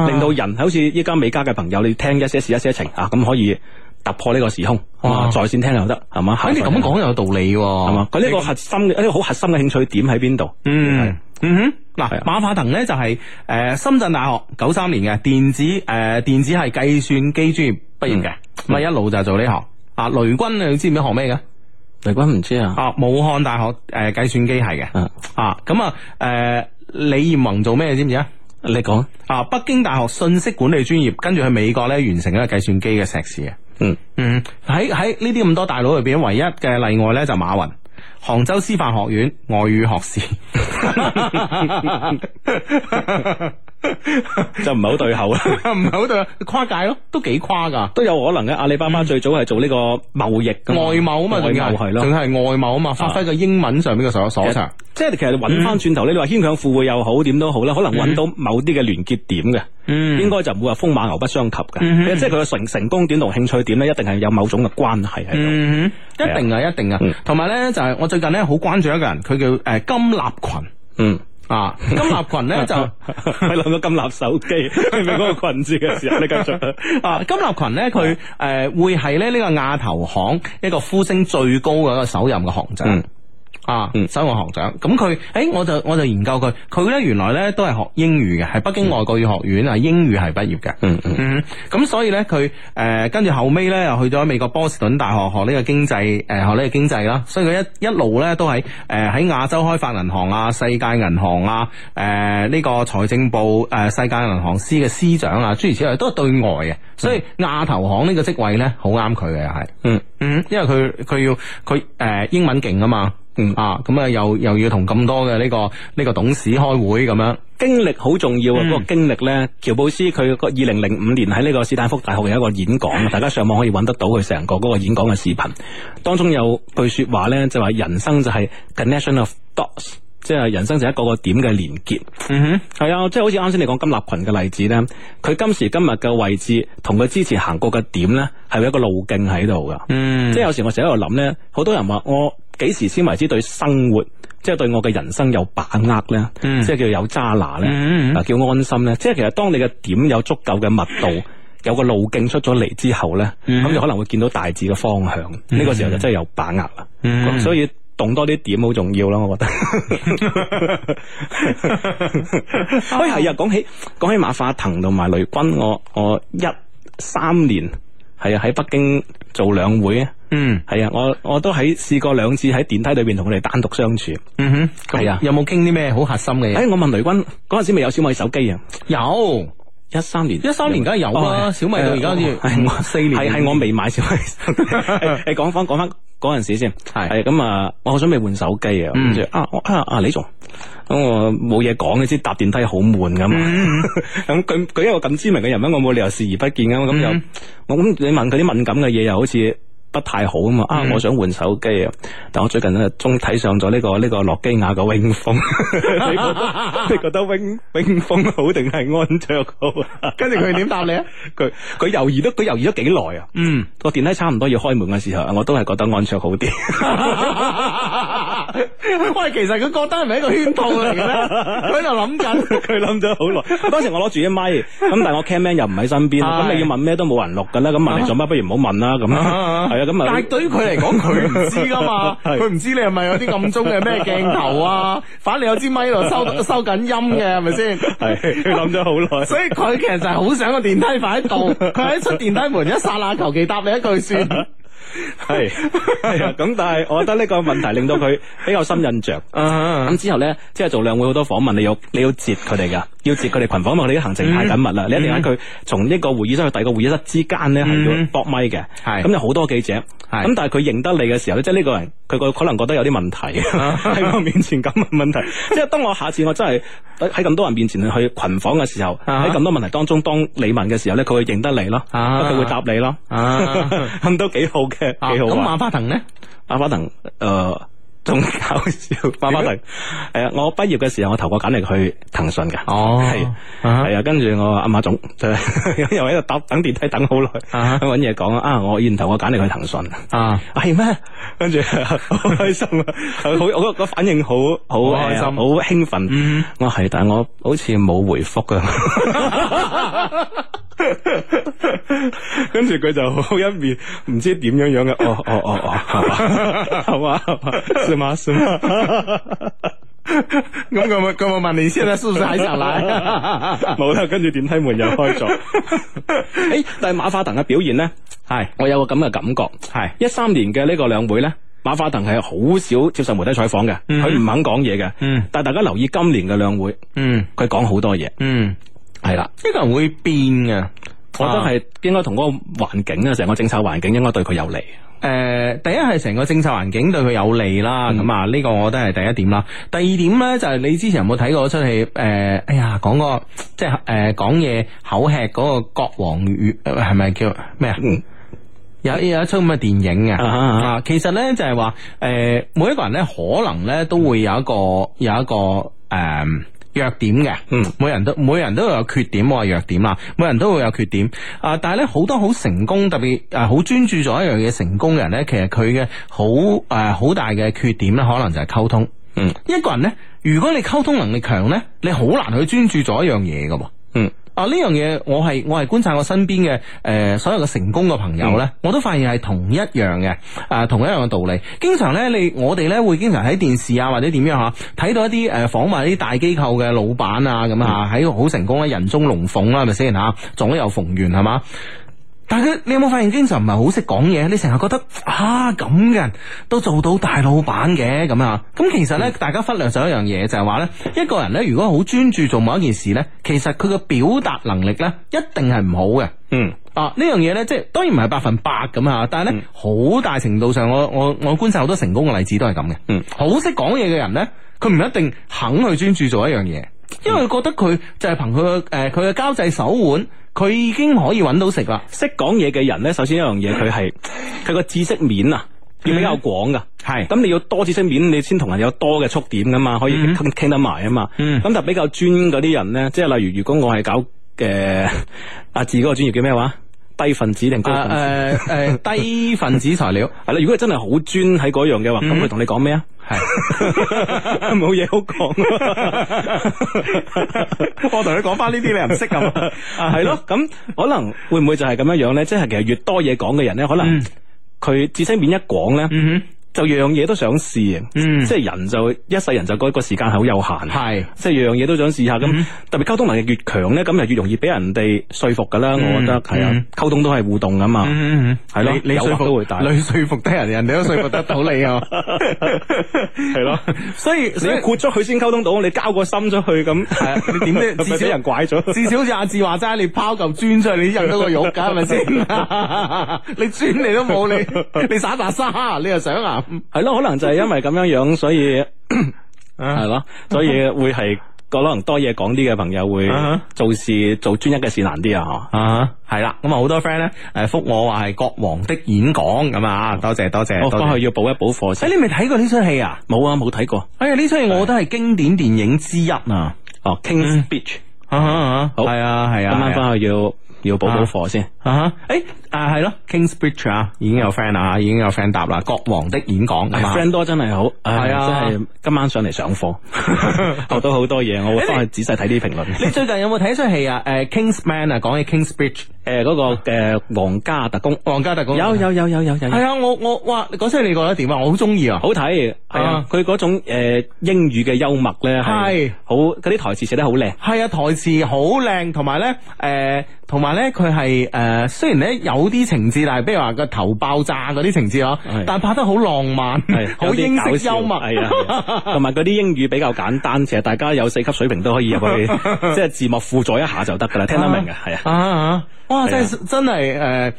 令到人好似依家美加嘅朋友，你聽一些事、一些情啊，咁可以突破呢個時空，哇，在線聽又得，係嘛？咁你咁樣講又有道理喎，係嘛？佢呢個核心，呢個好核心嘅興趣點喺邊度？嗯。嗯哼，嗱，馬化騰咧就係、是、誒、呃、深圳大學九三年嘅電子誒、呃、電子系計算機專業畢業嘅，咪、嗯、一路就係做呢行。啊，雷軍你知唔知學咩㗎？雷軍唔知啊。啊，武漢大學誒計、呃、算機系嘅。嗯、啊，咁啊誒李彥宏做咩？知唔知啊？你講說啊，北京大學信息管理專業，跟住去美國咧完成一個計算機嘅碩士嘅。嗯嗯，喺喺呢啲咁多大佬裏邊，唯一嘅例外咧就馬雲。杭州師範學院外語學士，就唔係好對口啦，唔係好對，跨界咯，都幾跨噶，都有可能嘅。阿里巴巴最早係做呢個貿易，嘅，外貿啊嘛，仲係咯，仲係外貿啊嘛，發揮個英文上邊嘅所所長，即係其實你揾翻轉頭咧，你話牽強附會又好，點都好啦，可能揾到某啲嘅聯結點嘅，嗯，應該就唔會話風馬牛不相及嘅，即係佢嘅成成功點同興趣點咧，一定係有某種嘅關係喺度，一定啊，一定啊，同埋咧就係我。最近咧好關注一個人，佢叫誒金立群，嗯啊金立群咧 就係諗到金立手機，係咪嗰個群字嘅時候，你繼續啊。金立群咧佢誒會係咧呢個亞投行一個呼聲最高嘅一個首任嘅行長。嗯 啊，收我學長，咁佢，誒、欸，我就我就研究佢，佢咧原來咧都係學英語嘅，係北京外國語學院啊，英語系畢業嘅，嗯、mm hmm. 嗯，咁所以咧佢，誒、呃，跟住後尾咧又去咗美國波士頓大學學呢個經濟，誒、呃，學呢個經濟啦，所以佢一一路咧都喺，誒、呃，喺亞洲開發銀行啊、世界銀行啊、誒、這、呢個財政部誒、啊、世界銀行的司嘅司長啊，諸如此類都係對外嘅，所以亞投行個職呢個職位咧好啱佢嘅又係，嗯嗯，因為佢佢要佢，誒、呃，英文勁啊嘛。嘛嗯啊，咁啊，又又要同咁多嘅呢個呢個董事開會咁樣，經歷好重要啊！嗰、嗯、個經歷咧，喬布斯佢個二零零五年喺呢個斯坦福大學有一個演講，嗯、大家上網可以揾得到佢成個嗰個演講嘅視頻。當中有句說話咧，就話人生就係 connection of dots，即係人生就一個個點嘅連結。嗯哼，係啊，即係好似啱先你講金立群嘅例子咧，佢今時今日嘅位置同佢之前行過嘅點咧，係有一個路徑喺度噶。嗯，即係有時我成日喺度諗咧，好多人話我。我幾時先為之對生活，即、就、係、是、對我嘅人生有把握咧？嗯、即係叫有揸拿咧，嗱叫安心咧。即係其實當你嘅點有足夠嘅密度，有個路徑出咗嚟之後咧，咁、嗯嗯、就可能會見到大致嘅方向。呢、這個時候就真係有把握啦。嗯嗯嗯，所以動多啲點好重要咯，我覺得。所以係啊，講起講起馬化騰同埋雷軍，我我一三年係喺北京做兩會啊。嗯，係啊，我我都喺試過兩次喺電梯裏邊同佢哋單獨相處。嗯哼，係啊，有冇傾啲咩好核心嘅嘢？誒，我問雷軍嗰陣時未有小米手機啊？有一三年，一三年梗係有啊，小米到而家好似係我四年，係係我未買小米。誒，講翻講翻嗰陣時先係，咁啊，我好準備換手機啊。咁就啊啊啊李總，咁我冇嘢講嘅，先搭電梯好悶噶嘛。咁佢佢一個咁知名嘅人物，我冇理由視而不見啊。咁就我咁你問佢啲敏感嘅嘢，又好似。不太好啊嘛啊！我想換手機啊，但我最近咧終於睇上咗呢個呢個諾基亞嘅 wing phone，你覺得 wing wing phone 好定係安卓好？跟住佢點答你啊？佢佢猶豫都佢猶豫咗幾耐啊？嗯，個電梯差唔多要開門嘅時候，我都係覺得安卓好啲。喂，其實佢覺得係咪一個圈套嚟嘅咧？佢喺度諗緊，佢諗咗好耐。當時我攞住隻咪，咁但係我 camera 又唔喺身邊，咁你要問咩都冇人錄噶啦，咁問你做乜？不如唔好問啦，咁但係對於佢嚟講，佢唔知噶嘛，佢唔 是知你係咪有啲暗中嘅咩鏡頭啊？反正你有支咪喺度收收緊音嘅係咪先？係諗咗好耐， 所以佢其實就係好想個電梯喺度，佢喺出電梯門一剎那，求其答你一句算。係係啊，咁但係我覺得呢個問題令到佢比較深印象。咁之後咧，即係做兩會好多訪問，你要你要截佢哋噶，要截佢哋群訪，因為啲行程太緊密啦。你一定喺佢從一個會議室去第二個會議室之間咧，係要搏咪嘅。係咁有好多記者。咁但係佢認得你嘅時候咧，即係呢個人，佢個可能覺得有啲問題喺我面前咁問問題。即係當我下次我真係喺咁多人面前去群訪嘅時候，喺咁多問題當中當你問嘅時候咧，佢會認得你咯，佢會答你咯，咁都幾好。好嘅，幾好。咁馬化騰呢？馬化騰，誒，仲搞笑。馬化騰，誒，我畢業嘅時候，我投過簡歷去騰訊嘅。哦，係，係啊。跟住我阿馬總，又喺度等，等電梯等好耐，揾嘢講啊。我現投過簡歷去騰訊啊？係咩？跟住好開心啊！好，我個反應好好開心，好興奮。我係，但係我好似冇回覆噶。跟住佢就好一面唔知點樣樣嘅，哦哦哦哦，係嘛算嘛 s m a r 咁我問你先，在是不喺還想冇啦，跟住電梯門又開咗。誒，但係馬化騰嘅表現咧，係我有個咁嘅感覺，係一三年嘅呢個兩會咧，馬化騰係好少接受媒體採訪嘅，佢唔肯講嘢嘅。嗯。但係大家留意今年嘅兩會，嗯，佢講好多嘢。嗯，係啦，呢個人會變嘅。我覺得係應該同嗰個環境啊，成個政策環境應該對佢有利。誒、呃，第一係成個政策環境對佢有利啦，咁啊呢個我覺得係第一點啦。第二點咧就係、是、你之前有冇睇過出戲？誒、呃，哎呀，講個即係誒講嘢口吃嗰個國王，係咪叫咩啊、嗯？有有一出咁嘅電影嘅，啊、嗯，嗯、其實咧就係話，誒、呃，每一個人咧可能咧都會有一個有一個誒。呃弱點嘅，嗯，每人都每人都有缺點，我係弱點啊，每人都會有缺點。啊、呃，但係咧好多好成功，特別誒好專注咗一樣嘢成功嘅人咧，其實佢嘅好誒好大嘅缺點咧，可能就係溝通。嗯，一個人咧，如果你溝通能力強咧，你好難去專注咗一樣嘢噶。啊！呢樣嘢，我係我係觀察我身邊嘅誒，所有嘅成功嘅朋友呢，嗯、我都發現係同一樣嘅，誒、啊、同一樣嘅道理。經常呢，你我哋呢會經常喺電視啊或者點樣吓，睇到一啲誒，訪問啲大機構嘅老闆啊咁啊，喺好、嗯、成功啦，人中龍鳳啦，係咪先吓？撞得又逢源係嘛。但係佢，你有冇發現經常唔係好識講嘢？你成日覺得啊，咁嘅人都做到大老闆嘅，咁啊？咁其實呢，大家忽略咗一樣嘢，就係話呢，一個人呢，如果好專注做某一件事呢，其實佢嘅表達能力呢，一定係唔好嘅。嗯啊，呢樣嘢呢，即係當然唔係百分百咁啊，但係呢，好、嗯、大程度上，我我我觀察好多成功嘅例子都係咁嘅。嗯，好識講嘢嘅人呢，佢唔一定肯去專注做一樣嘢，因為覺得佢就係憑佢嘅佢嘅交際手腕。佢已經可以揾到食啦。識講嘢嘅人咧，首先一樣嘢，佢係佢個知識面啊，要比較廣噶。係、嗯，咁你要多知識面，你先同人有多嘅觸點噶嘛，可以傾傾、嗯、得埋啊嘛。咁就、嗯、比較專嗰啲人咧，即係例如，如果我係搞嘅亞字嗰個專業，叫咩話？低分子定高分子？誒誒，低分子材料係啦。 如果係真係好專喺嗰樣嘅話，咁佢同你講咩啊？係冇嘢好講。我同你講翻呢啲，你又唔識咁啊？係咯，咁可能會唔會就係咁樣樣咧？ 即係其實越多嘢講嘅人咧，可能佢知識面一廣咧。Mm hmm. 就樣嘢都想試，即係人就一世人就覺得個時間係好有限，即係樣嘢都想試下咁。特別溝通能力越強咧，咁就越容易俾人哋說服噶啦。我覺得係啊，溝通都係互動噶嘛，係咯，你說服都會大，你說服得人，人哋都說服得到你啊，係咯。所以你豁出去先溝通到，你交個心出去咁，你點咧？至少人拐咗，至少似阿志話齋，你拋嚿磚出去，你引到個玉噶，係咪先？你磚你都冇，你你撒笪沙，你又想啊？係咯，可能就係因為咁樣樣，所以係咯，所以會係可能多嘢講啲嘅朋友會做事做專一嘅事難啲啊，吓係啦。咁啊，好多 friend 咧，誒，覆我話係國王的演講咁啊，多謝多謝。我翻去要補一補課先。哎，你未睇過呢出戲啊？冇啊，冇睇過。哎呀，呢出戲我覺得係經典電影之一啊。哦，King's Speech。吓好。係啊係啊。今晚翻去要。要補補課先啊！嚇，誒啊，係咯，King's Speech 啊，已經有 friend 啊，已經有 friend 答啦，國王的演講，friend 多真係好，係啊，真係今晚上嚟上課學到好多嘢，我會翻去仔細睇啲評論。你最近有冇睇出戲啊？誒，King's Man 啊，講起 King's Speech，誒嗰個誒皇家特工，皇家特工有有有有有有，係啊，我我哇嗰出你覺得點啊？我好中意啊，好睇係啊，佢嗰種英語嘅幽默咧係好，嗰啲台詞寫得好靚，係啊，台詞好靚，同埋咧誒。同埋咧，佢係誒，雖然咧有啲情節，但係譬如話個頭爆炸嗰啲情節咯，的但係拍得好浪漫，好的英好幽默，同埋嗰啲英語比較簡單，其實大家有四級水平都可以入去，即係 字幕輔助一下就得噶啦， 聽得明嘅係啊，哇、啊，真係真係誒。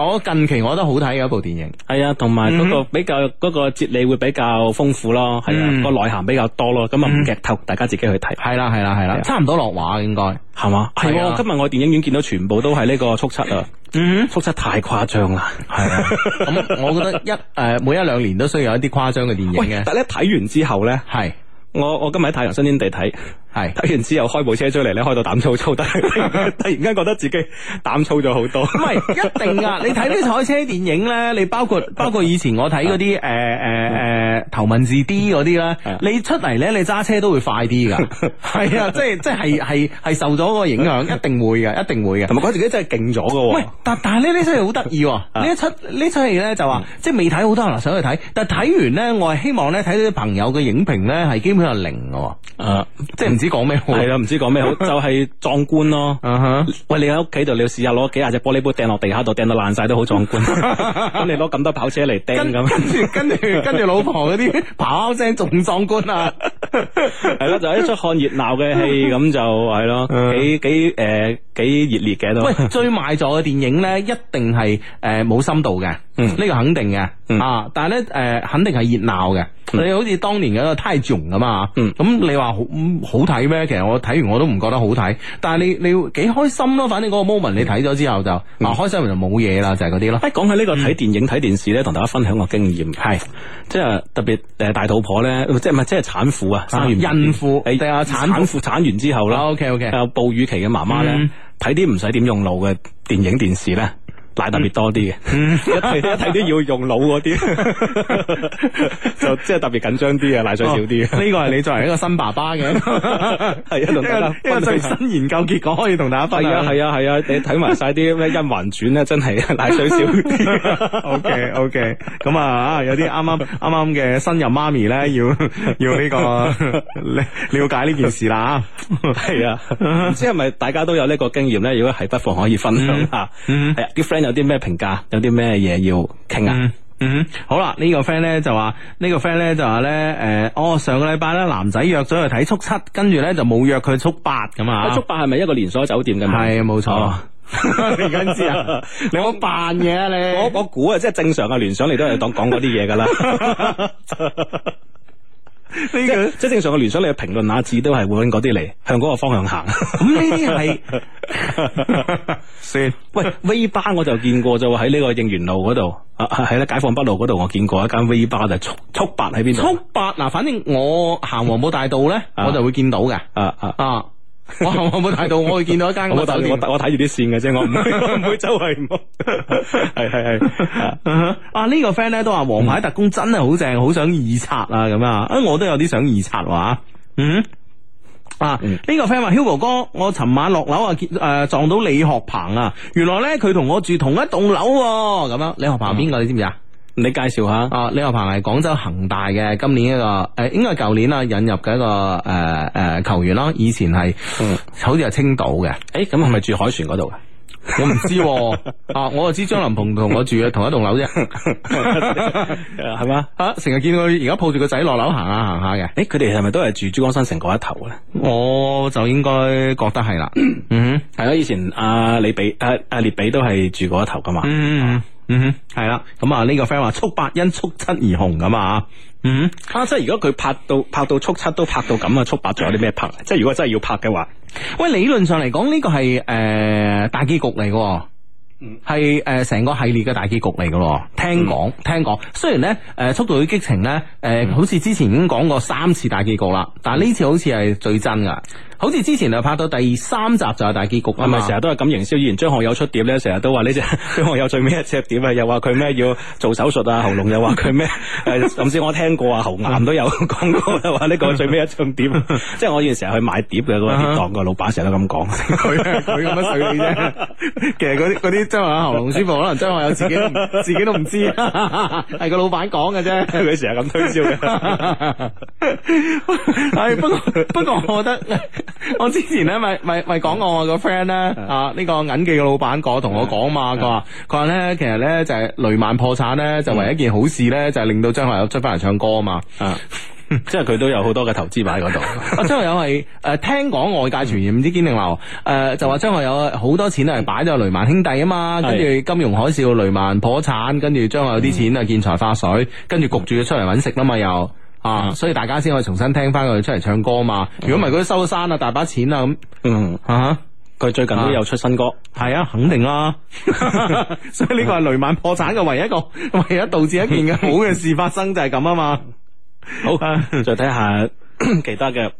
我近期我覺得好睇嘅一部電影，係啊，同埋嗰個比較嗰個哲理會比較豐富咯，係啊，個內涵比較多咯，咁啊，唔劇透大家自己去睇，係啦，係啦，係啦，差唔多落畫應該係嘛，係，今日我電影院見到全部都係呢個速七啊，嗯，速七太誇張啦，係啊，咁我覺得一誒，每一兩年都需要有一啲誇張嘅電影嘅，但係一睇完之後咧，係我我今日喺太陽新天地睇。係睇完之後開部車出嚟咧，你開到膽粗粗，但係突然間覺得自己膽粗咗好多。 唔係一定噶！你睇啲賽車電影咧，你包括 包括以前我睇嗰啲誒誒誒頭文字 D 嗰啲咧，你出嚟咧你揸車都會快啲噶。係 啊，即係即係係係受咗個影響，一定會嘅，一定會嘅。同埋覺得自己真係勁咗噶。唔但但係呢呢出戲好得意喎。呢 出呢出戲咧就話 即係未睇好多，人想去睇。但係睇完咧，我係希望咧睇到啲朋友嘅影評咧係基本上零噶。誒， 即係。唔知講咩好，係啦，唔知講咩好，就係壯觀咯。喂，你喺屋企度，你要試下攞幾廿隻玻璃杯掟落地下度，掟到爛晒都好壯觀。咁你攞咁多跑車嚟掟咁，跟住跟住跟住老婆嗰啲咆哮聲，仲壯觀啊！係咯，就一出看熱鬧嘅戲，咁就係咯，幾幾誒幾熱烈嘅都。喂，追賣座嘅電影咧，一定係誒冇深度嘅，呢個肯定嘅。啊，但係咧誒，肯定係熱鬧嘅。你好似當年嘅《泰囧》咁啊，咁你話好好。睇咩？其實我睇完我都唔覺得好睇，但係你你幾開心咯。反正嗰個 moment 你睇咗之後就，嗱、嗯啊、開心就冇嘢啦，就係嗰啲咯。誒，講起呢個睇電影睇電視咧，同大家分享個經驗，係、嗯、即係特別誒大肚婆咧，即係唔係即係產婦啊，生完孕婦，係啊產婦產，產，產完之後啦、啊、，OK OK 有媽媽。有哺乳期嘅媽媽咧，睇啲唔使點用腦嘅電影電視咧。奶特別多啲嘅， 一睇啲一睇啲要用腦嗰啲，就即係特別緊張啲嘅，奶水少啲嘅。呢個係你作為一個新爸爸嘅，係 一種最新研究結果，可以同大家分享、 啊。係啊係啊，啊，啊，啊，你睇埋晒啲咩甄嬛傳咧，真係奶水少啲。OK OK，咁、這個、 啊，有啲啱啱啱啱嘅新任媽咪咧，要要呢個了解呢件事啦。係啊，唔知係咪大家都有呢個經驗咧？如果係，不妨可以分享下。係啊，啲 friend。有啲咩評價？有啲咩嘢要傾啊？嗯，好啦，呢個 friend 咧就話，呢個 friend 咧就話咧，誒，我上個禮拜咧男仔約咗去睇速七，跟住咧就冇約佢速八咁啊？速八係咪一個連鎖酒店嘅？係冇錯，點解、嗯、 知 你啊？你唔好扮嘢，你我我估啊，即係正常嘅聯想，你都係講講嗰啲嘢噶啦。 呢個 即係 正常嘅聯想，你嘅評論下字都係揾嗰啲嚟，向嗰個方向行。咁呢啲係先。 喂 ，V 八我就見過就喺呢個應元路嗰度，喺、啊、啦，解放北路嗰度我見過一間 V 八，就速速八喺邊度？速八嗱，反正我行黃埔大道咧，嗯、我就會見到嘅、啊。啊啊啊！我我冇睇到，我會見到一間我我睇住啲線嘅啫，我唔唔會，會周圍係係係啊！呢個 friend 咧都話《王牌特工》真係好正，好想二刷啊！咁啊，誒，我都有啲想二刷話，嗯，啊，呢、啊這個 friend 話 Hugo 哥，我尋晚落樓啊，見誒撞到李學鵬啊，原來咧佢同我住同一棟樓，咁、啊、樣李學鵬係邊個？嗯、你知唔知啊？你介紹下啊，李學鵬係廣州恒大嘅，今年一個誒，應該係舊年啊引入嘅一個誒誒球員啦。以前係好似係青島嘅，誒咁係咪住海船嗰度嘅？我唔知，啊，我就知張林鵬同我住嘅同一棟樓啫，係嘛啊？成日見佢而家抱住個仔落樓行下行下嘅，誒，佢哋係咪都係住珠江新城嗰一頭咧？我就應該覺得係啦，嗯，係咯，以前阿李比誒阿列比都係住嗰一頭噶嘛。嗯哼，係啦，咁啊呢個 friend 話速八因速七而紅咁、嗯、啊，嗯，即係如果佢拍到拍到速七都拍到咁啊，速八仲有啲咩拍？即係如果真係要拍嘅話，喂，理論上嚟講呢個係誒、呃、大結局嚟㗎，嗯，係誒成個系列嘅大結局嚟㗎。聽講、嗯、聽講，雖然咧誒、呃《速度與激情》呢咧、呃、誒，好似之前已經講過三次大結局啦，但係呢次好似係最真噶。好似之前啊，拍到第三集就係大結局啊，係咪成日都係咁營銷？以前張學友出碟咧，成日都話呢隻張學友最尾一隻碟啊，又話佢咩要做手術啊喉嚨，又話佢咩誒，甚至我聽過啊喉癌都有講過，話呢個最尾一張碟。即係我以前成日去買碟嘅嗰個檔個老闆，成日都咁講，佢咁樣水啫。 其實嗰啲嗰啲張學友喉嚨舒服，可能張學友自己自己都唔知，係 個老闆講嘅啫。佢成日咁推銷嘅。唉、 哎，不過不過，不過我覺得。 我之前咧咪咪咪講過我、 啊個 friend 咧，啊呢個銀記嘅老闆講同我講嘛，佢話佢話咧其實咧就係雷曼破產咧就唯一件好事咧就係令到張學友出翻嚟唱歌啊嘛，即係佢都有好多嘅投資擺喺度。阿張學友係誒聽講外界傳言唔知堅定流誒就話張學友好多錢都係擺咗喺雷曼兄弟啊嘛，跟住金融海嘯，雷曼破產，跟住張學友啲錢啊見財化水，跟住焗住佢出嚟搵食啦嘛又。又啊！所以大家先可以重新聽翻佢出嚟唱歌嘛。如果唔係佢收山啊，大把錢啦咁，嗯啊吓，佢、uh huh, uh huh, uh huh. 最近都有出新歌。係、uh huh. 啊，肯定啦、啊。 所以呢個係雷曼破產嘅唯一一個、唯一導致一件嘅好嘅事發生就係咁啊嘛。 好，啊， 再睇下其他嘅。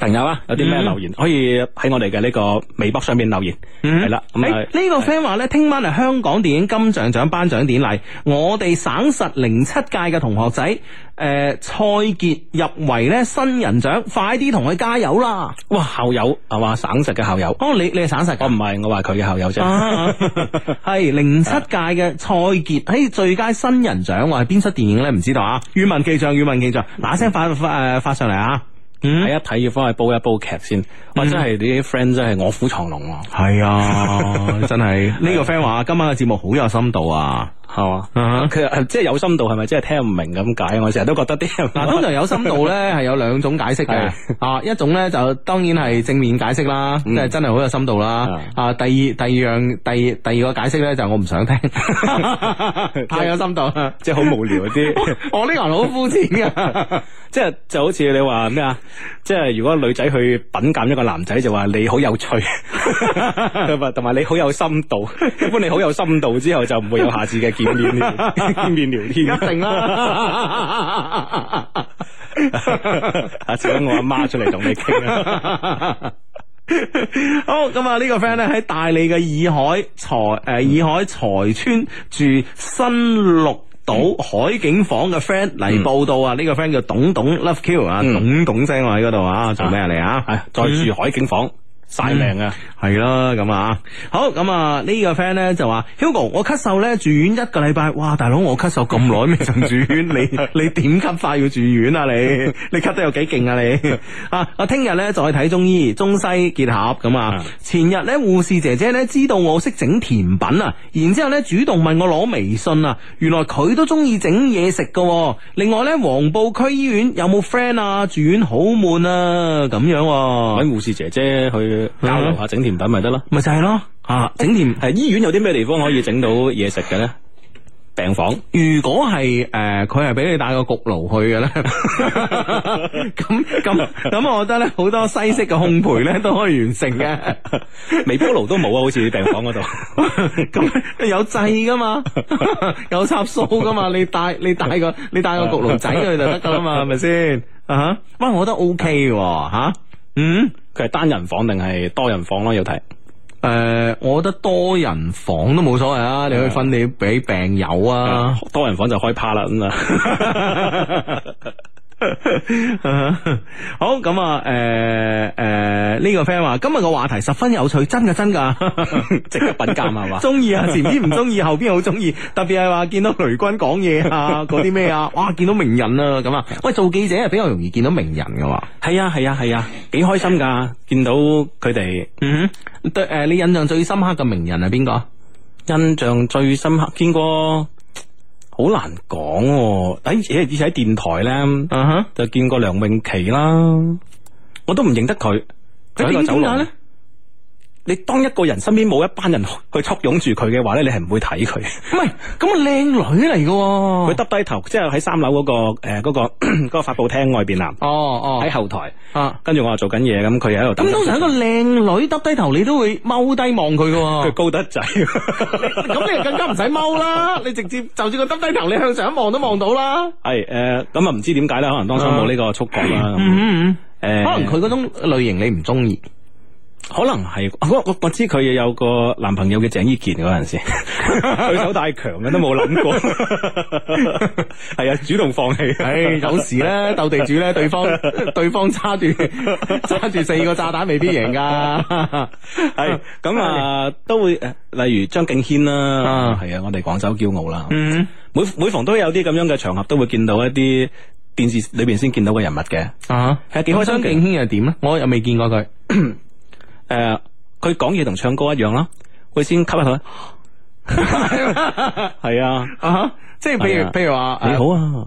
朋友啊，有啲咩留言、嗯、可以喺我哋嘅呢個微博上面留言係啦。咁呢、嗯、個 friend 話呢，聽是的 晚係香港電影金像獎頒獎典禮，我哋省實零七屆嘅同學仔誒、呃，蔡杰入圍咧新人獎，快啲同佢加油啦！哇，校友係嘛？省實嘅校友哦，你你係省實我唔係，我話佢嘅校友啫。係零七屆嘅蔡杰喺最佳新人獎，話係邊出電影呢？唔知道啊？語文記賬，語文記賬，嗱聲發誒發，發上嚟啊！睇、嗯、一睇要翻去煲一煲劇先，或者係你啲 friend 真係臥、嗯、虎藏龍喎。係啊， 啊，真係呢 個 friend 話今晚嘅節目好有深度啊！係嘛？佢即係有深度，係咪？即係聽唔明咁解？我成日都覺得啲人嗱，通常有深度咧，係有兩種解釋嘅。啊，一種咧就當然係正面解釋啦，即係真係好有深度啦。啊，第二第二樣第第二個解釋咧就係我唔想聽，太有深度，即係好無聊啲。我呢個人好膚淺噶，即係就好似你話咩啊？即係如果女仔去品鑑一個男仔，就話你好有趣，同埋同埋你好有深度。一般你好有深度之後，就唔會有下次嘅。見面，見面聊天， 一定整啦吧！ 啊，請我阿媽出嚟同你傾。 好，咁啊，呢個 friend 咧喺大理嘅洱海財誒，洱海財村住新綠島海景房嘅 friend 嚟報道啊！呢、這個 friend 叫董董 Love Q、嗯、董董啊，董董聲喎喺度啊，做咩嚟啊？係在住海景房。晒命啊，係啦咁啊，好咁啊呢、呢個 friend 呢就話，Hugo 我咳嗽呢，住院一個禮拜，哇大佬我咳嗽咁耐未咩？住院 你你點咳快要住院啊？你你咳得有幾勁啊？你 啊我聽日就去睇中醫，中西結合咁啊。的前日呢，護士姐姐呢知道我識整甜品啊，然之後呢主動問我攞微信啊，原來佢都中意整嘢食噶。另外呢，黃埔區醫院有冇 friend 啊？住院好悶啊，咁樣揾、啊、護士姐姐去。交流下整甜品咪得咯，咪就係咯啊！整甜係醫院有啲咩地方可以整到嘢食嘅咧？病房？如果係誒，佢係俾你帶個焗爐去嘅咧，咁咁咁，我覺得咧好多西式嘅烘焙咧都可以完成嘅， 微波爐都冇啊，好似病房嗰度，咁 有掣噶嘛， 有插數噶嘛，你帶你帶個你帶個焗爐仔去就得噶啦嘛，係咪先啊？吓，不過我覺得 O K 喎，吓、啊，嗯。佢係單人房定係多人房咯？要睇。誒，我覺得多人房都冇所謂啊，你可以分你俾病友啊、嗯，多人房就開趴啦咁啊。嗯 好，咁啊！誒、嗯、誒，呢、嗯嗯，這個 friend 話今日個話題十分有趣，真噶真噶， 值得品鑑 係嘛！中意啊，前邊唔中意， 後邊好中意，特別係話見到雷軍講嘢啊，嗰啲咩啊，哇！見到名人啊，咁啊，喂，做記者係比較容易見到名人噶，係啊係啊係啊，幾、啊啊啊、開心噶， 見到佢哋。嗯哼、mm.，對、呃、誒，你印象最深刻嘅名人係邊個？印象最深刻見過。好難講誒，喺、哎、以前喺電台咧，哼、uh，huh. 就見過梁詠琪啦，我都唔認得佢喺個走廊咧。你當一個人身邊冇一班人去簇擁住佢嘅話咧，你係唔會睇佢。唔係咁，靚女嚟噶，佢耷低頭，即係喺三樓嗰、嗰個誒，嗰、呃嗰個咳咳、嗰個發布廳外邊、哦哦、啊。哦哦，喺後台啊，跟住我又做緊嘢，咁佢喺度耷咁，通常一個靚女耷低頭，你都會踎低望佢噶。佢 高得仔，咁你更加唔使踎啦。你直接就算佢耷低頭，你向上一望都望到啦。係誒，咁啊唔知點解啦，可能當初冇呢個觸角啦。誒，可能佢嗰種類型你唔中意。可能係我我知佢有個男朋友嘅，鄭伊健嗰陣時，對手太強嘅都冇諗過，係啊，主動放棄。唉， 有時咧鬥地主咧，對方對方揸住揸住四個炸彈，未必贏噶，係咁啊，都會誒，例如張敬軒啦、啊，係啊，啊，我哋廣州驕傲啦，嗯、每每逢都有啲咁樣嘅場合，都會見到一啲電視裏邊先見到嘅人物嘅啊，係幾開心嘅。張敬軒又點咧？呢我又未見過佢。誒，佢講嘢同唱歌一樣咯，佢先吸一口，係 啊， 啊，即係譬如譬如話，你好啊，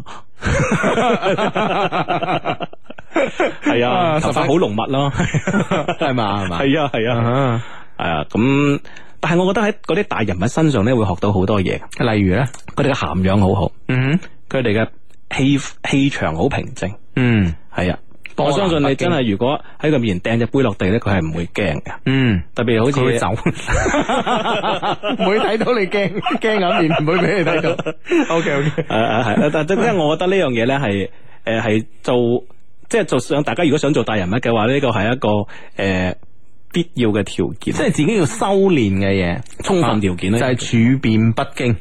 係 啊， 頭髮好濃密咯，係嘛係嘛，係啊係啊，誒咁、啊，啊 啊啊、 但係我覺得喺嗰啲大人物身上咧，會學到好多嘢，例如咧，佢哋嘅涵養好好，嗯，佢哋嘅氣氣場好平靜，嗯、mm，係、hmm. 啊。我相信你真係，如果喺個面掟隻杯落地咧，佢係唔會驚嘅。嗯，特別好似佢走，唔 會睇到你驚驚硬面，唔會俾你睇到。O K O K，係，但係因為我覺得呢樣嘢咧係誒係做即係、就係、做想，大家如果想做大人物嘅話，呢個係一個誒、呃、必要嘅條件，即係自己要修煉嘅嘢，啊、充分條件咧就係處變不驚。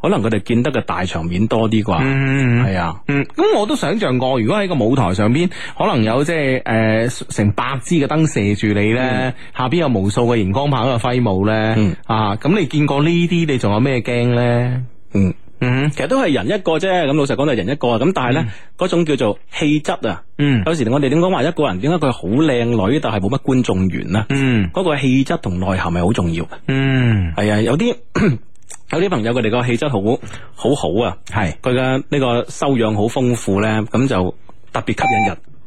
可能佢哋見得嘅大場面多啲啩，係啊，咁我都想象過，如果喺個舞台上邊，可能有即係誒成百支嘅燈射住你呢，下邊有無數嘅熒光棒喺度揮舞呢。啊，咁你見過呢啲，你仲有咩驚呢？嗯嗯，其實都係人一個啫，咁老實講就人一個啊，咁但係呢，嗰種叫做氣質啊，有時我哋點講話一個人，點解佢好靚女，但係冇乜觀眾緣啊？嗯，嗰個氣質同內涵係好重要嘅。嗯，係啊，有啲。有啲朋友佢哋個氣質好好好啊，係佢嘅呢個修養好豐富咧，咁就特別吸引人。